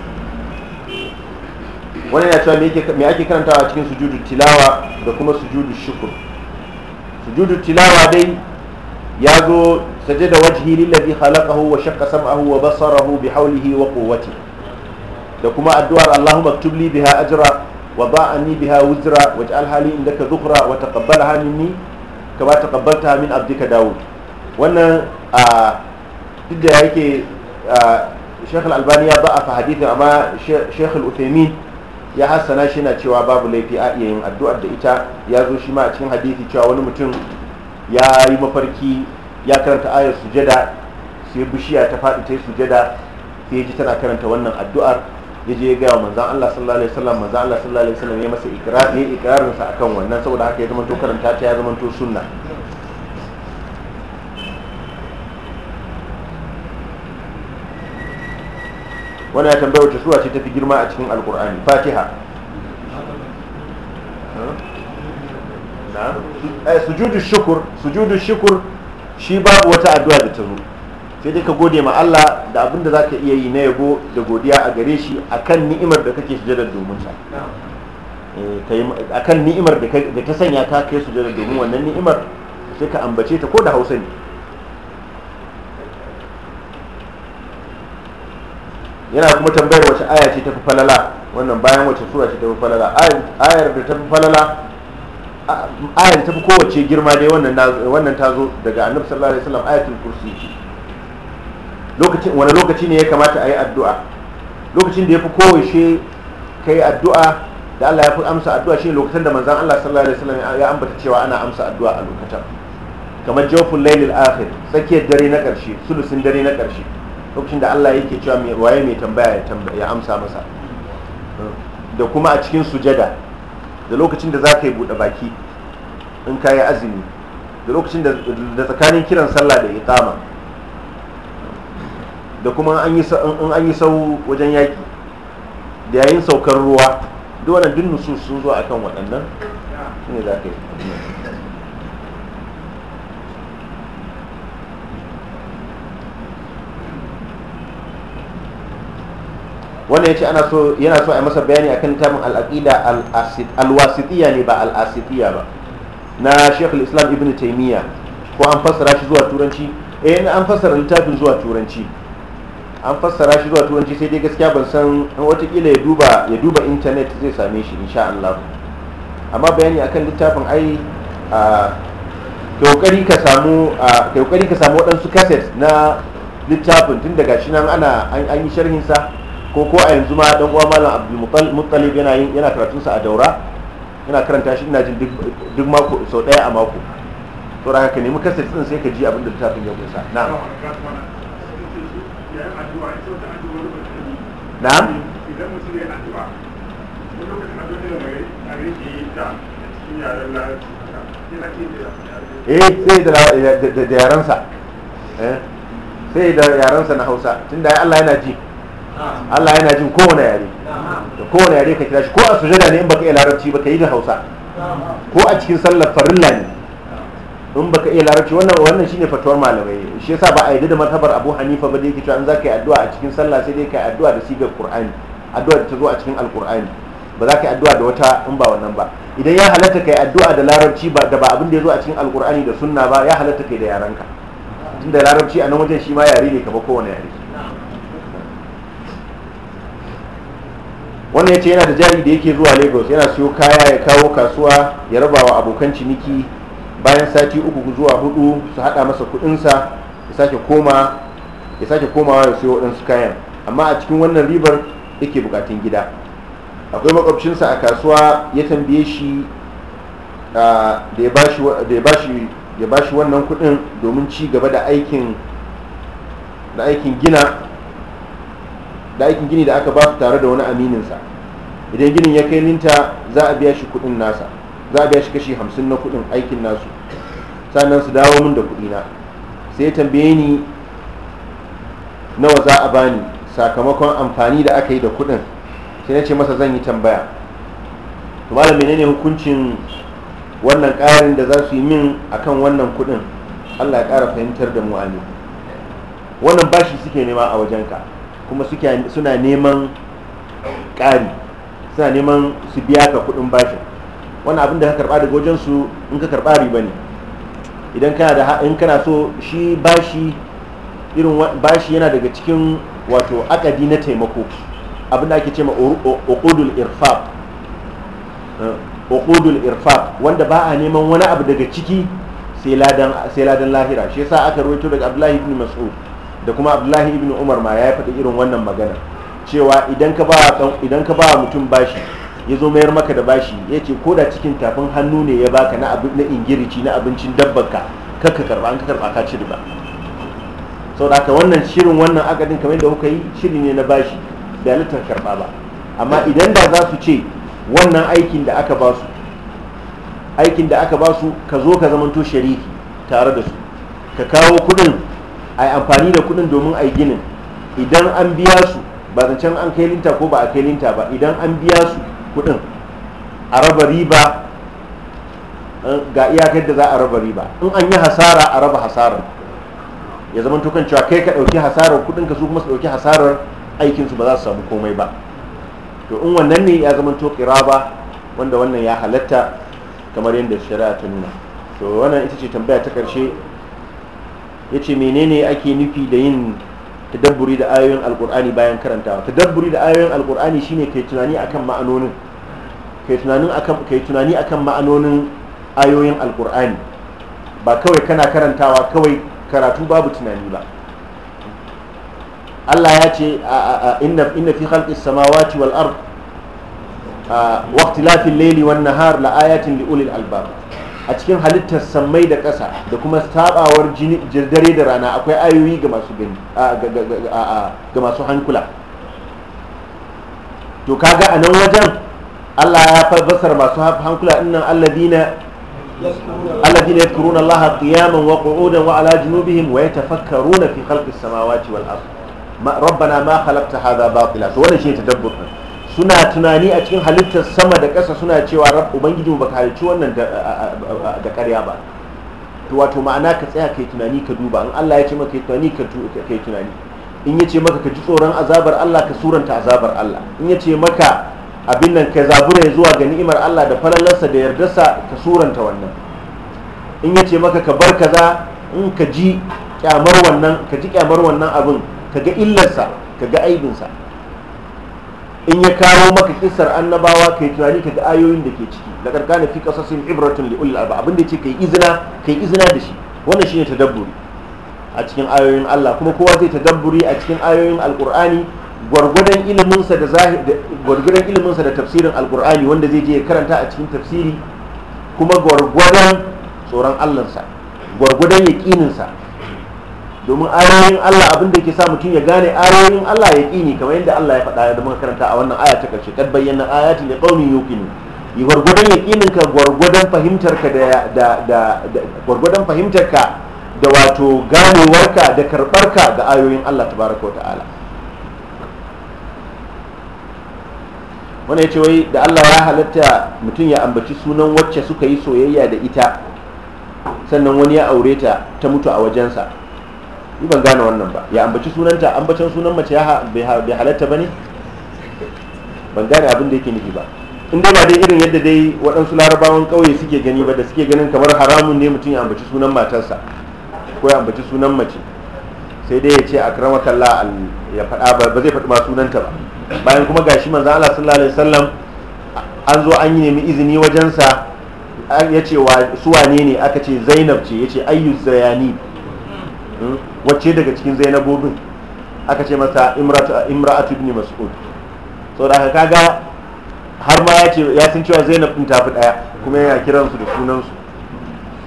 Wani ya cewa me ake karantawa cikin sujudu tilawa da kuma sujudu shukuru sujudu tilawa dai ya zo wajihi wajhi lillazi khalaqahu wa shaqqa sam'ahu wa basarahu bi hawlihi wa quwwati da kuma addu'ar Allahumma aktub li biha ajra wa da'ani biha wuzra waj'al hali indaka dhukra wa taqabbalha minni kama taqabbalta min abdika Dawud wannan a duk da yake Sheikh Al-Albani ya ba'afa hadithin amma Sheikh Al-Uthaymeen ya hassana shi na cewa babu laifi a iya yin addu'ar da ita ya zo shi ma a cikin hadisi cewa wani mutum ya yi mafarki ya karanta ayar sujada sai bishiya ta faɗi ta yi sujada sai ya ji tana karanta wannan addu'ar ya je ya gaya wa manzan Allah sallallahu alaihi wasallam manzan Allah sallallahu alaihi wasallam ya masa ikrar ya ikrarinsa akan wannan saboda haka ya zama to karanta ta ya zama to sunna wani ya tambaya wace sura ce ta fi girma a cikin alkur'ani fatiha eh, sujudu shukur sujudu shi babu wata addu'a da ta zo sai dai ka gode ma Allah da abin da za ka iya yi na yabo da godiya a gare shi akan ni'imar da kake sujada domin sa eh, kan ni'imar da ta sanya ta kai sujada domin wannan ni'imar sai ka ambace ta ko da Hausa ne yana kuma tambayar wace aya ce ta fi falala wannan bayan wace sura ce ta fi falala ayar da ta fi falala ayar ta fi kowace girma dai wannan ta zo daga annabi sallallahu alaihi wasallam ayatul kursi lokacin wani lokaci ne ya kamata a yi addu'a lokacin da ya fi kowace ka yi addu'a da Allah ya fi amsa addu'a shi lokacin da manzan Allah sallallahu alaihi wasallam ya ambata cewa ana amsa addu'a a lokacin kamar jawful lailil akhir tsakiyar dare na ƙarshe sulusin dare na ƙarshe lokacin da Allah yake cewa mai waye mai tambaya ya tambaya ya amsa masa da kuma a cikin sujada da lokacin da za ka yi buɗe baki in ka yi azumi da lokacin da tsakanin kiran sallah da iqama da kuma in an yi sau wajen yaƙi da yayin saukar ruwa duk wannan duk nusus sun zo akan waɗannan shine za ka yi wannan ya ce yana so a masa bayani akan tamin al-aqida ne ba al'asitiya ba na Sheikh al-Islam Ibn taimiyya ko an fassara shi zuwa turanci eh an fassara littafin zuwa turanci an fassara shi zuwa turanci sai dai gaskiya ban san watakila ya duba intanet zai same shi insha Allah amma bayani akan littafin ai kokari ka kokari ka samu waɗansu cassette na littafin tun daga shi nan ana an yi sharhinsa. sa ko ko a yanzu ma dan uwa malam abdul muttalib yana yin yana karatun sa a daura yana karanta shi ina jin duk duk mako so daya a mako to haka ka nemi kasar tsin sai ka ji abin da littafin ya kunsa na'am na'am eh sai da yaransa eh sai da yaransa na hausa tunda Allah yana ji Allah yana jin kowane yare da kowane yare ka kira shi ko a sujada ne in baka iya larabci ba ka yi da Hausa ko a cikin sallar farilla ne in baka iya larabci wannan wannan shine fatuwar malamai shi yasa ba a yi da matabar Abu Hanifa ba da yake cewa in ka yi addu'a a cikin sallah sai dai ka yi addu'a da sigar Qur'ani addu'a da ta zo a cikin Al-Qur'ani ba za ka yi addu'a da wata in ba wannan ba idan ya halatta ka yi addu'a da larabci ba da ba abin da ya zo a cikin Al-Qur'ani da sunna ba ya halatta ka yi da yaranka tunda larabci a nan wajen shi ma yare ne kamar kowane yare wannan ya ce yana da jari da yake zuwa lagos yana siyo kaya ya kawo kasuwa ya raba wa abokan ciniki bayan sati uku zuwa hudu su hada masa kudinsa ya sake komawa ya siyo waɗansu kayan amma a cikin wannan ribar yake bukatun gida akwai makwabcinsa a kasuwa ya tambaye shi da ya ba shi wannan kudin domin ci gaba da aikin gina da aikin gini da aka ba su tare da wani amininsa idan ginin ya kai linta za a biya shi kudin nasa za a biya shi kashi hamsin na kudin aikin nasu sannan su dawo min da kudina sai ya tambaye ni nawa za a bani sakamakon amfani da aka yi da kudin sai na ce masa zan yi tambaya to malam menene hukuncin wannan ƙarin da za su yi min akan wannan kudin Allah ya ƙara fahimtar da mu amin wannan bashi suke nema a wajenka kuma suna neman ƙari suna neman su biya ka kuɗin bashi wani abin da ka karɓa daga wajensu in ka karɓa riba ne idan kana da in kana so shi bashi irin bashi yana daga cikin wato akadi na taimako abin da ake ce ma okudul irfaq okudul eh, irfaq wanda ba a neman wani abu daga ciki sai ladan lahira shi yasa aka rwaito daga Abdullahi ibn Mas'ud da kuma abdullahi ibn umar ma ya faɗi irin wannan magana cewa idan ka ba wa mutum bashi ya zo mayar maka da bashi ya ce ko da cikin tafin hannu ne ya baka na na ingirici na abincin dabbarka kar ka karba an ka karba ka ci sau da haka wannan shirin wannan akadin kamar da kuka yi shiri ne na bashi da littar karba ba amma idan da za su ce wannan aikin da aka ba su aikin da aka ba su ka zo ka zamanto shariki tare da su ka kawo kudin a yi amfani da kuɗin domin a yi ginin idan an biya su ba zancen an kai linta ko ba a kai linta ba idan an biya su kuɗin a raba riba eh, ga iyakar da za a raba riba in an yi hasara a raba hasarar ya zama tukan cewa kai ka dauki hasarar kudin ka su kuma su ɗauki hasarar aikinsu ba za su samu komai ba to in wannan ne ya zama to ba wanda wannan ya halatta kamar yadda shari'a ta nuna to wannan ita ce tambaya ta karshe yace menene ake nufi da yin tadabburi da ayoyin alkur'ani bayan karantawa tadabburi da ayoyin alkur'ani shine kai tunani akan ma'anonin kai tunanin akan kai tunani akan ma'anonin ayoyin alkur'ani ba kawai kana karantawa kawai karatu babu tunani ba Allah ya ce inna inna fi khalqis samawati wal ard wa ikhtilafil layli wan nahar la ayatin li ulil albab a cikin halittar sammai da ƙasa da kuma sabawar dare da rana akwai ayoyi ga masu hankula to kaga a nan wajen Allah ya fassara masu hankula innan ya alladina na Allah qiyaman wa qu'udan wa ala junubihim wa yatafakkaruna fi khalqis samawati wal ard rabbana ma khalaqta hadha batila to wannan shi tadabbur suna tunani a cikin halittar sama da ƙasa suna cewa rab ba ka halicci wannan da ƙarya ba to wato ma'ana ka tsaya kai tunani ka duba in Allah ya ce maka kai tunani ka kai tunani in ya maka ka ji tsoron azabar Allah ka suranta azabar Allah in ya maka abin nan ka zabura zuwa ga ni'imar Allah da falalarsa da yardarsa ka suranta wannan in ya maka ka bar kaza in ka ji kyamar wannan ka ji kyamar wannan abin ka ga illarsa ka ga aibinsa in ya kawo maka kisar annabawa kai tunani ka ga ayoyin da ke ciki la karkana fi sun ibratun li ulil alba abinda yace kai izina kai izina da shi wannan shine tadabburi a cikin ayoyin Allah kuma kowa zai tadabburi a cikin ayoyin alqur'ani gwargwadon ilimin sa da gwargwadon ilimin sa da tafsirin alqur'ani wanda zai je ya karanta a cikin tafsiri kuma gwargwadon tsoron Allah sa gwargwadon yaqinin sa domin ayoyin Allah abin da yake sa mutum ya gane ayoyin Allah ya kini kamar yadda Allah ya faɗa da muka karanta a wannan aya ta karshe kad bayyana ayati li qaumin yuqinu gwargwadon yaqinin ka gwargwadon fahimtar ka da da gwargwadon fahimtar ka da wato ganewarka da karbar ka ga ayoyin Allah tabaraka wa ta'ala wannan yace wai da Allah ya halatta mutum ya ambaci sunan wacce suka yi soyayya da ita sannan wani ya aure ta ta mutu a wajensa ni ban gane wannan ba ya ambaci sunanta ambacin sunan mace ya bai halatta ba ne ban gane abin da yake nufi ba in dai ba dai irin yadda dai waɗansu larabawan ƙauye suke gani ba da suke ganin kamar haramun ne mutum ya ambaci sunan matarsa ko ya ambaci sunan mace sai dai ya ce akramakalla ya faɗa ba zai faɗi ma sunanta ba bayan kuma gashi manzo Allah sallallahu alaihi wasallam an zo an yi nemi izini wajensa ya ce su wane ne aka ce Zainab ce ya ce ayyuz zayani hmm? wacce daga cikin zainabobin aka ce masa imra'atu ibn mas'ud so da aka kaga har ma ya ce ya san cewa zainab din tafi daya kuma yana kiran su da sunan su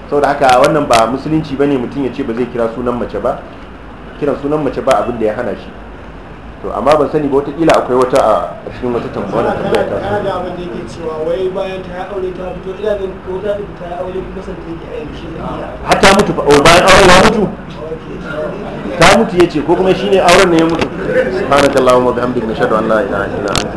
so da haka wannan ba musulunci bane mutum ya ce ba zai kira sunan mace ba kiran sunan mace ba abin da ya hana shi to amma ban sani ba watakila akwai wata a cikin wata tambawa da tambaya ta sani da abin da yake cewa wai bayan ta aure ta fito ina da ko ta fito ta aure ko san ta yake aure shi ne har ta mutu ba oh, bayan aure ya mutu ta mutu yace ko kuma shine auren ne ya mutu subhanakallahumma bihamdika nashhadu an la ilaha illa anta